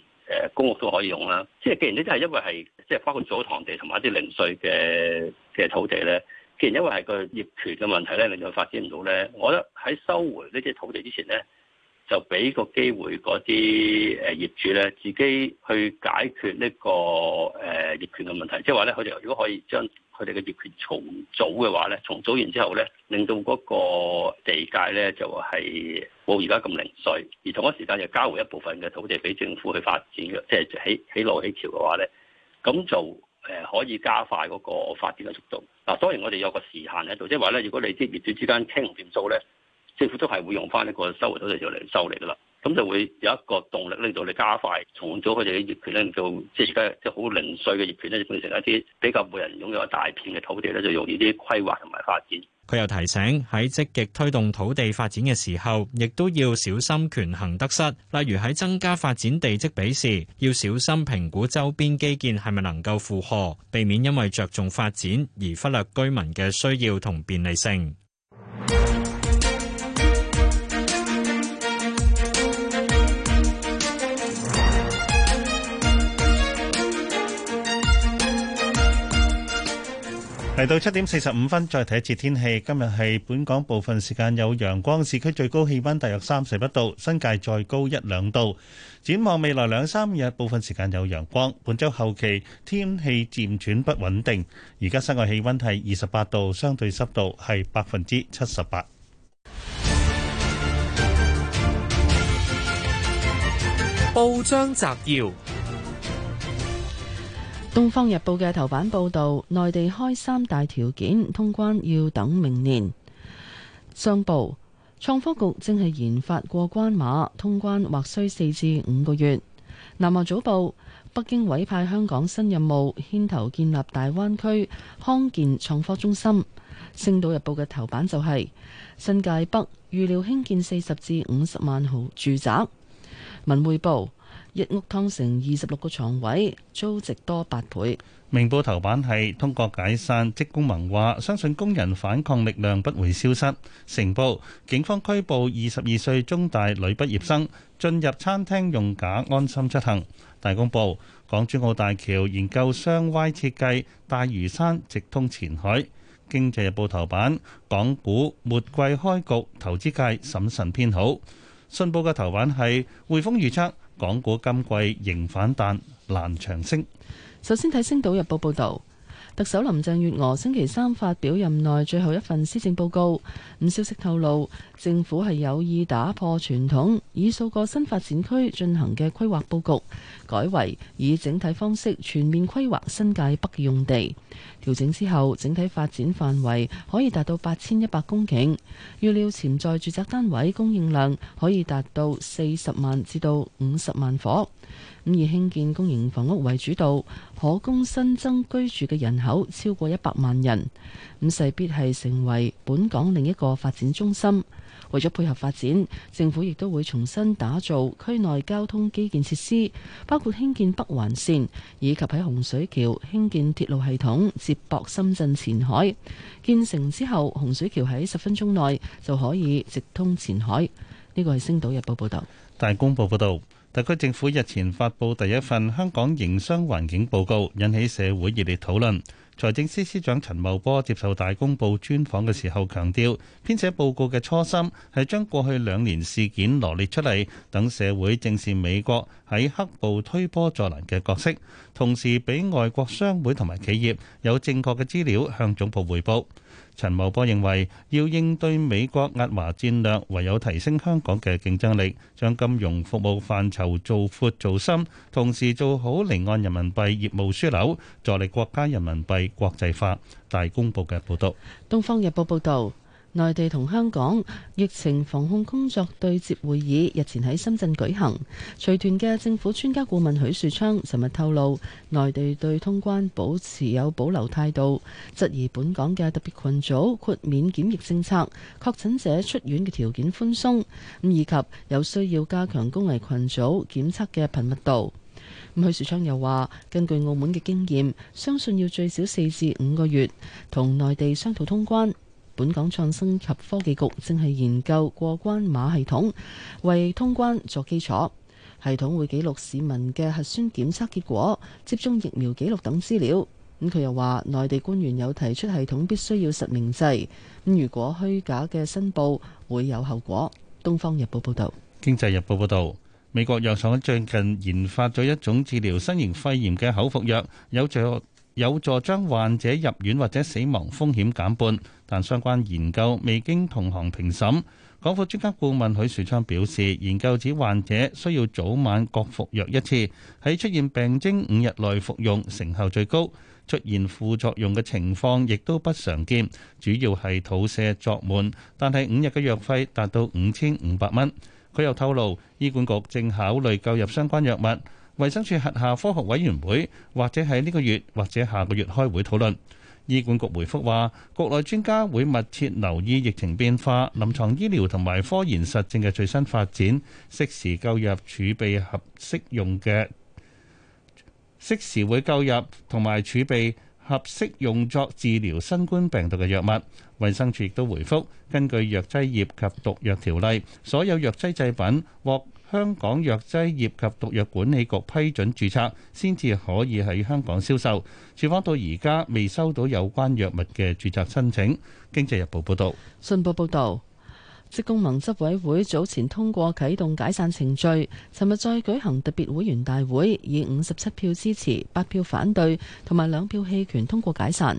公屋都可以用啦。即係既然呢啲係因為係即係包括祖堂地同埋一啲零碎嘅嘅土地咧。既然因為係個業權嘅問題咧，令到發展唔到咧。我喺收回呢啲土地之前咧，就俾個機會嗰啲誒業主咧，自己去解決呢、呢個誒、呃、業權嘅問題。即係話咧，佢哋如果可以將佢哋嘅業權重組嘅話咧，重組完之後咧，令到嗰個地界咧就係冇而家咁零碎，而同一時間又交回一部分嘅土地俾政府去發展嘅，即係起起路起橋嘅話咧，咁就。誒、呃、可以加快嗰個發展嘅速度。嗱、啊，當然我哋有個時限喺度，即係話咧，如果你啲業主之間傾唔掂數咧，政府都係會用翻呢個收回土地嚟收嚟㗎啦。咁就會有一個動力令到你加快重組佢哋嘅業權咧，就即係而家即係好零碎嘅業權咧，變成一啲比較冇人擁有一大片嘅土地咧，就用呢啲規劃同埋發展。佢又提醒喺積極推動土地發展嘅時候，亦都要小心權衡得失，例如喺增加發展地積比時，要小心評估周邊基建係咪能夠負荷，避免因為着重發展而忽略居民嘅需要同便利性。嚟到七點四十五分，再睇一次天氣。今日係本港部分時間有陽光，市區最高氣溫大約三十一度，新界再高一兩度。展望未來兩三日，部分時間有陽光。本週後期天氣漸轉不穩定。而家室外氣溫係二十八度，相對濕度係百分之七十八。報章摘要。《東方日報》嘅頭版報道，內地開三大條件通關要等明年。商報：創科局正係研發過關碼，通關或需四至五個月。南華早報：北京委派香港新任務，牽頭建立大灣區康健創科中心。《星島日報》嘅頭版就係、是、新界北預料興建四十至五十萬夥住宅。文匯報。一屋劏成二十六個床位，租值多八倍。明報頭版係通過解散職工盟話，話相信工人反抗力量不會消失。成報，警方拘捕二十二歲中大女畢業生，進入餐廳用假安心出行。大公報，港珠澳大橋研究雙 Y 設計，大嶼山直通前海。經濟日報頭版港股末季開局，投資界審慎偏好。信報嘅頭版係匯豐預測，港股今季仍反彈難長升。首先睇《星島日報》報道，特首林鄭月娥星期三發表任內最後一份施政報告。咁消息透露，政府係有意打破傳統，以數個新發展區進行嘅規劃佈局，改為以整體方式全面規劃新界北用地。調整之後，整體發展範圍可以達到八千一百公頃，預料潛在住宅單位供應量可以達到四十萬至到五十萬伙。咁以興建公營房屋為主導，可供新增居住嘅人口超過一百萬人。咁勢必係成為本港另一個發展中心。為咗配合發展，政府亦都會重新打造區內交通基建設施，包括興建北環綫，以及喺洪水橋興建鐵路系統接駁深圳前海。建成之後，洪水橋喺十分鐘內就可以直通前海。呢個係《星島日報》報道。大公報報道，特區政府日前發佈第一份香港營商環境報告，引起社會熱烈討論。財政司司長陳茂波接受《大公報》專訪嘅時候強調，編寫報告嘅初心係將過去兩年事件羅列出嚟，等社會正視美國喺黑暴推波助瀾嘅角色，同時俾外國商會同埋企業有正確嘅資料向總部彙報。陳茂波認為，要應對美國壓華戰略，唯有提升香港嘅競爭力，將金融服務範疇做闊做深，同時做好離岸人民幣業務樞紐，助力國家人民幣國際化。大公報嘅報道，東方日報報道。內地同香港疫情防控工作對接會議日前喺深圳舉行，隨團嘅政府專家顧問許樹昌尋日透露，內地對通關保持有保留態度，質疑本港嘅特別群組豁免檢疫政策，確診者出院嘅條件寬鬆，咁以及有需要加強工藝群組檢測嘅頻密度。咁許樹昌又話：根據澳門嘅經驗，相信要最少四至五個月同內地商討通關。本港創新及科技局正係研究過關碼系統，為通關作基礎。系統會記錄市民嘅核酸檢測結果、接種疫苗記錄等資料。咁佢又話，內地官員有提出系統必須要實名制。咁如果虛假嘅申報會有後果。東方日報報道，經濟日報報道，美國藥廠最近研發咗一種治療新型肺炎嘅口服藥，有助有助將患者入院或者死亡風險減半。但相關研究未經同行評審。港府專家顧問許樹昌表示，研究指患者需要早晚各服藥一次，喺出現病徵五日內服用成效最高。出現副作用嘅情況亦都不常見，主要係肚瀉、作悶。但係五日嘅藥費達到五千五百蚊。佢又透露，醫管局正考慮購入相關藥物，衛生署轄下科學委員會或者喺呢個月或者下個月開會討論。醫管局回覆話，國內專家會密切留意疫情變化、臨床醫療同埋科研實證嘅最新發展，適時購入儲備合適用嘅，適時會購入同埋儲備合適用作治療新冠病毒嘅藥物。衛生署亦都回覆根據藥劑業及毒藥條例，所有藥劑製品獲香港藥劑業及毒藥管理局批准註冊，先至可以喺香港銷售。處方到而家未收到有關藥物嘅註冊申請。經濟日報報導，信報報導。職工盟執委會早前通過啟動解散程序，尋日再舉行特別會員大會，以五十七票支持、八票反對同埋兩票棄權通過解散。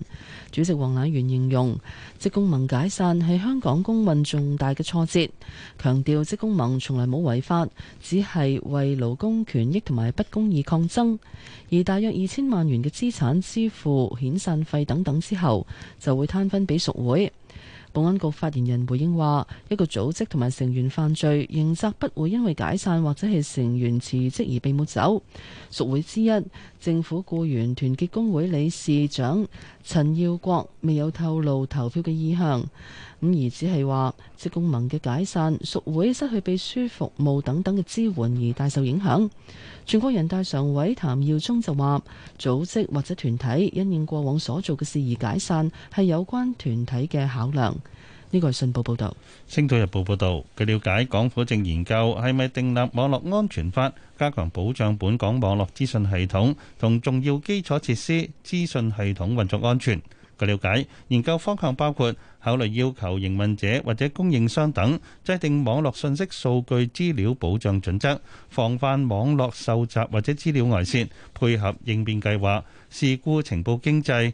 主席黃迺元形容，職工盟解散係香港工運重大嘅挫折，強調職工盟從來冇違法，只係為勞工權益同埋不公義抗爭。而大約二千萬元嘅資產支付遣散費等等之後，就會攤分俾屬會。保安局發言人回應話，一個組織同埋成員犯罪，刑責不會因為解散或者係成員辭職而被抹走。屬會之一政府僱員團結工會理事長陳耀國未有透露投票嘅意向，咁而只係話職工盟嘅解散屬會失去秘書服務等等嘅支援而大受影響。全國人大常委譚耀宗就話，組織或者團體因應過往所做嘅事而解散係有關團體嘅考量。呢個係信報報導，《星島日報》報導，據瞭解，港府正研究係咪訂立網絡安全法，加強保障本港網絡資訊系統同重要基礎設施資訊系統運作安全。據瞭解，研究方向包括考慮要求營運者或者供應商等制定網絡信息數據資料保障準則，防範網絡受襲或者資料外泄，配合應變計劃、事故情報經濟。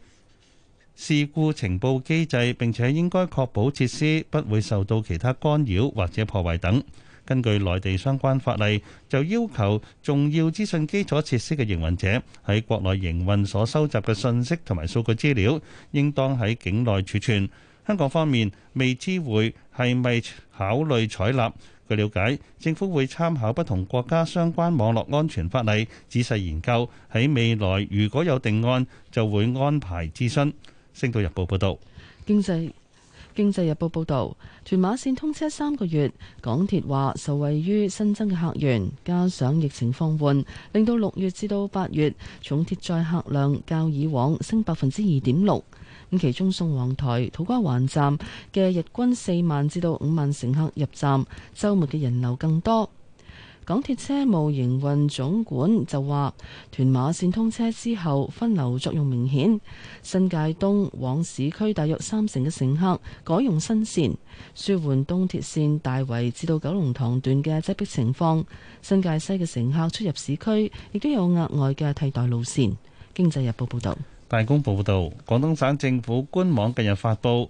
事故情報機制，並且應該確保設施不會受到其他干擾或者破壞等。根據內地相關法例，就要求重要資訊基礎設施嘅營運者喺國內營運所收集嘅信息同埋數據資料，應當喺境內儲存。香港方面未知會係咪考慮採納？據了解，政府會參考不同國家相關網絡安全法例，仔細研究，喺未來如果有定案，就會安排諮詢。星島日報報道，經濟經濟日報報道，屯馬線通車三個月，港鐵話受惠於新增嘅客源，加上疫情放緩，令到六月至到八月重鐵載客量較以往升百分之二點六。咁其中宋皇，宋皇台土瓜灣站嘅日均四萬至到五萬乘客入站，周末嘅人流更多。港鐵車務營運總管就話：屯馬線通車之後，分流作用明顯。新界東往市區大約三成嘅乘客改用新線，舒緩東鐵線大圍至到九龍塘段嘅擠迫情況。新界西嘅乘客出入市區亦都有額外嘅替代路線。經濟日報報道。大公報報道，廣東省政府官網近日發布《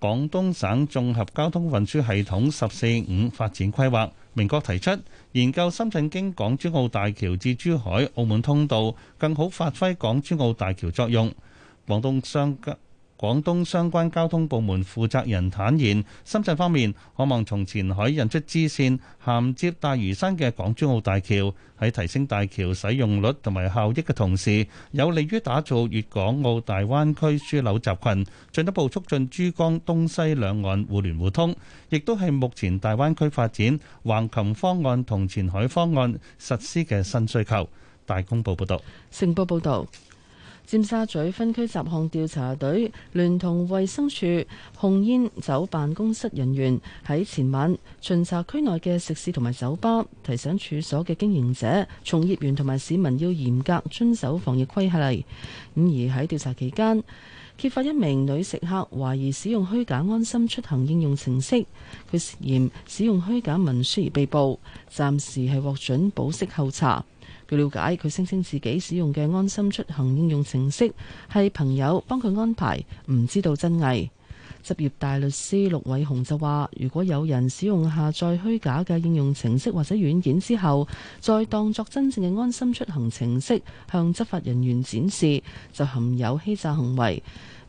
廣東省綜合交通運輸系統“十四五”發展規劃》，明確提出。研究深圳經港珠澳大橋至珠海、澳門通道，更好發揮港珠澳大橋作用。廣東商界。廣東相關交通部門負責人坦言，深圳方面渴望從前海引出支線，銜接大嶼山嘅港珠澳大橋，喺提升大橋使用率同埋效益嘅同時，有利於打造粵港澳大灣區樞紐集群，進一步促進珠江東西兩岸互聯互通，亦都係目前大灣區發展橫琴方案同前海方案實施嘅新需求。大公報報道。成報報導。尖沙咀分區集控調查隊聯同衛生署控煙酒辦公室人員喺前晚巡查區內嘅食肆同埋酒吧，提醒處所嘅經營者、從業員同埋市民要嚴格遵守防疫規例。咁而喺調查期間，揭發一名女食客懷疑使用虛假安心出行應用程式，佢涉嫌使用虛假文書而被捕，暫時係獲准保釋候查。據了解，佢聲稱自己使用嘅安心出行應用程式，係朋友幫佢安排，唔知道真偽。執業大律師陸偉雄就話，如果有人使用下載虛假嘅應用程式或者軟件之後，再當作真正嘅安心出行程式，向執法人員展示，就含有欺詐行為。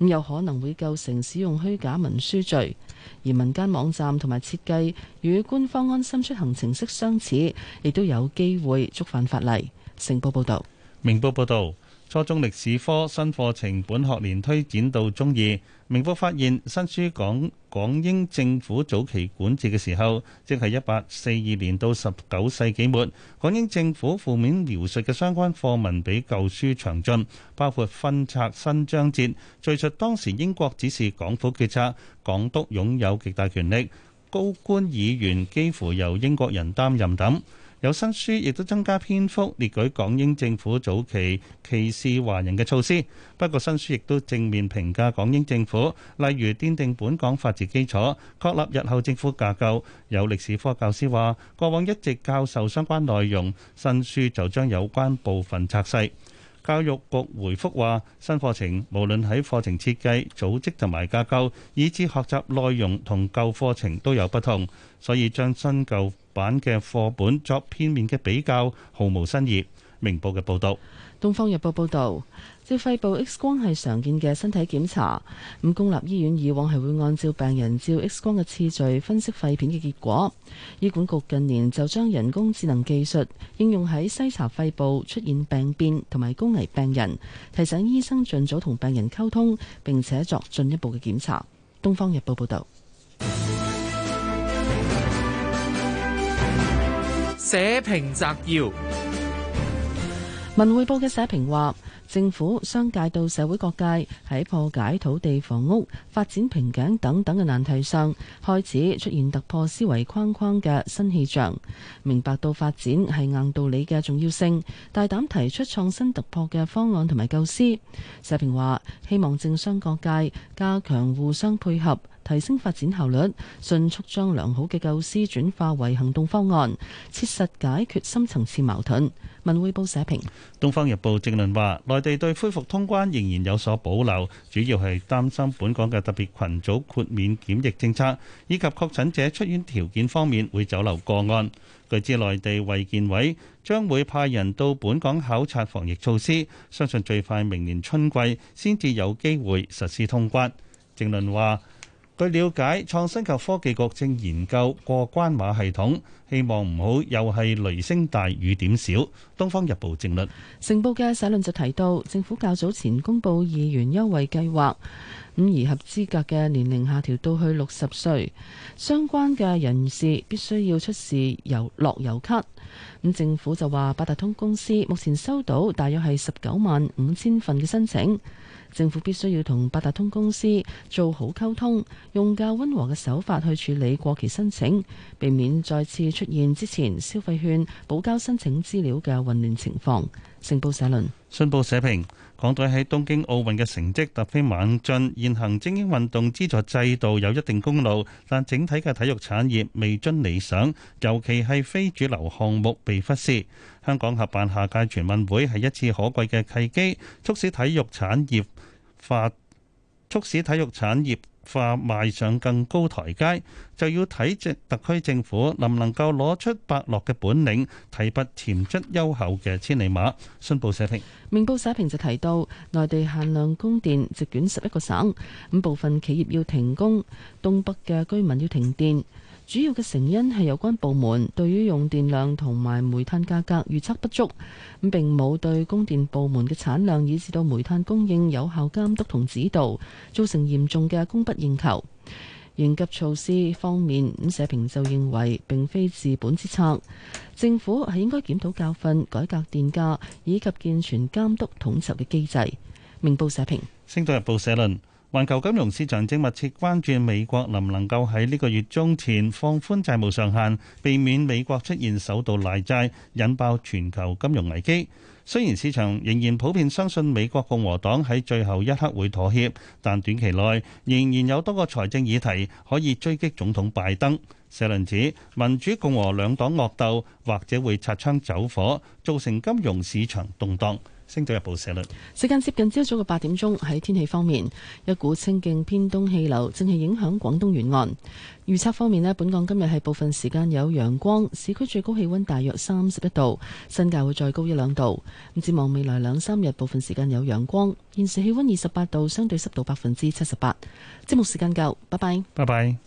咁有可能會構成使用虛假文書罪，而民間網站同埋設計與官方安心出行程式相似，亦都有機會觸犯法例。成報報導。明報報道。初中歷史科新課程本學年推展到中二，明報發現新書講港，港英政府早期管治嘅時候，即係一八四二年到十九世紀末，港英政府負面描述嘅相關課文比舊書詳盡，包括分拆新章節，敍述當時英國指示港府決策，港督擁有極大權力，高官議員幾乎由英國人擔任等。有新書亦都增加篇幅列舉港英政府早期歧視華人嘅措施，不過新書亦都正面評價港英政府，例如奠定本港法治基礎、確立日後政府架構。有歷史科教師話，過往一直教授相關內容，新書就將有關部分拆細。教育局回覆話，新課程無論喺課程設計、組織同埋架構，以至學習內容同舊課程都有不同，所以將新舊版嘅課本作片面嘅比較，毫無新意。明報嘅報道。東方日報報道，照肺部 X 光係常見嘅身體檢查。咁公立醫院以往係會按照病人照 X 光嘅次序分析肺片嘅結果。醫管局近年就將人工智能技術應用喺篩查肺部出現病變同埋高危病人，提醒醫生盡早同病人溝通，並且作進一步嘅檢查。《東方日報》報道。社評摘要：文匯報嘅社評話，政府、商界到社會各界喺破解土地、房屋發展瓶頸等等嘅難題上，開始出現突破思維框框嘅新氣象，明白到發展係硬道理嘅重要性，大膽提出創新突破嘅方案同埋構思。社評話，希望政商各界加強互相配合。提升發展效率，迅速將良好嘅構思轉化為行動方案，切實解決深層次矛盾。文匯報社評，《東方日報》正論話，內地對恢復通關仍然有所保留，主要係擔心本港嘅特別群組豁免檢疫政策以及確診者出院條件方面會走漏個案。據知，內地衞健委將會派人到本港考察防疫措施，相信最快明年春季先至有機會實施通關。正論話。據了解，創新及科技局正研究過關碼系統，希望唔好又係雷聲大雨點小。《東方日報政論》政論成報嘅社論就提到，政府較早前公布議員優惠計劃，咁而合資格嘅年齡下調到去六十歲，相關嘅人士必須要出示樂悠咭。咁政府就話，八達通公司目前收到大約係十九萬五千份嘅申請。政府必須要同八達通公司做好溝通，用較溫和嘅手法去處理過期申請，避免再次出現之前消費券補交申請資料嘅混亂情況。成報社論，信報社評：港隊喺東京奧運嘅成績突飛猛進，現行精英運動資助制度有一定功勞，但整體嘅體育產業未臻理想，尤其係非主流項目被忽視。香港合辦下屆全運會係一次可貴嘅契機，促使體育產業化促使體育產業化邁上更高台階，就要睇政特區政府能唔能夠攞出伯樂嘅本領，提拔潛質優厚嘅千里馬。信報社評，明報社評就提到，內地限量供電，席捲十一個省，咁部分企業要停工，東北嘅居民要停電。主要嘅成因係有關部門對於用電量同埋煤炭價格預測不足，咁並冇對供電部門嘅產量以至到煤炭供應有效監督同指導，造成嚴重嘅供不應求。應急措施方面，咁社評就認為並非治本之策，政府係應該檢討教訓、改革電價以及健全監督統籌嘅機制。明報社評，《星島日報》社論。環球金融市場正密切關注美國能唔能夠喺呢個月中前放寬債務上限，避免美國出現首度賴債，引爆全球金融危機。雖然市場仍然普遍相信美國共和黨喺最後一刻會妥協，但短期內仍然有多個財政議題可以追擊總統拜登。社論指民主共和兩黨惡鬥，或者會擦槍走火，造成金融市場動盪。《星島日報》社論：時間接近朝早嘅八點鐘，喺天氣方面，一股清勁偏東氣流正係影響廣東沿岸。預測方面咧，本港今日係部分時間有陽光，市區最高氣溫大約三十一度，新界會再高一兩度。展望未來兩三日，部分時間有陽光。現時氣溫二十八度，相對濕度百分之七十八。節目時間夠，拜拜。拜拜。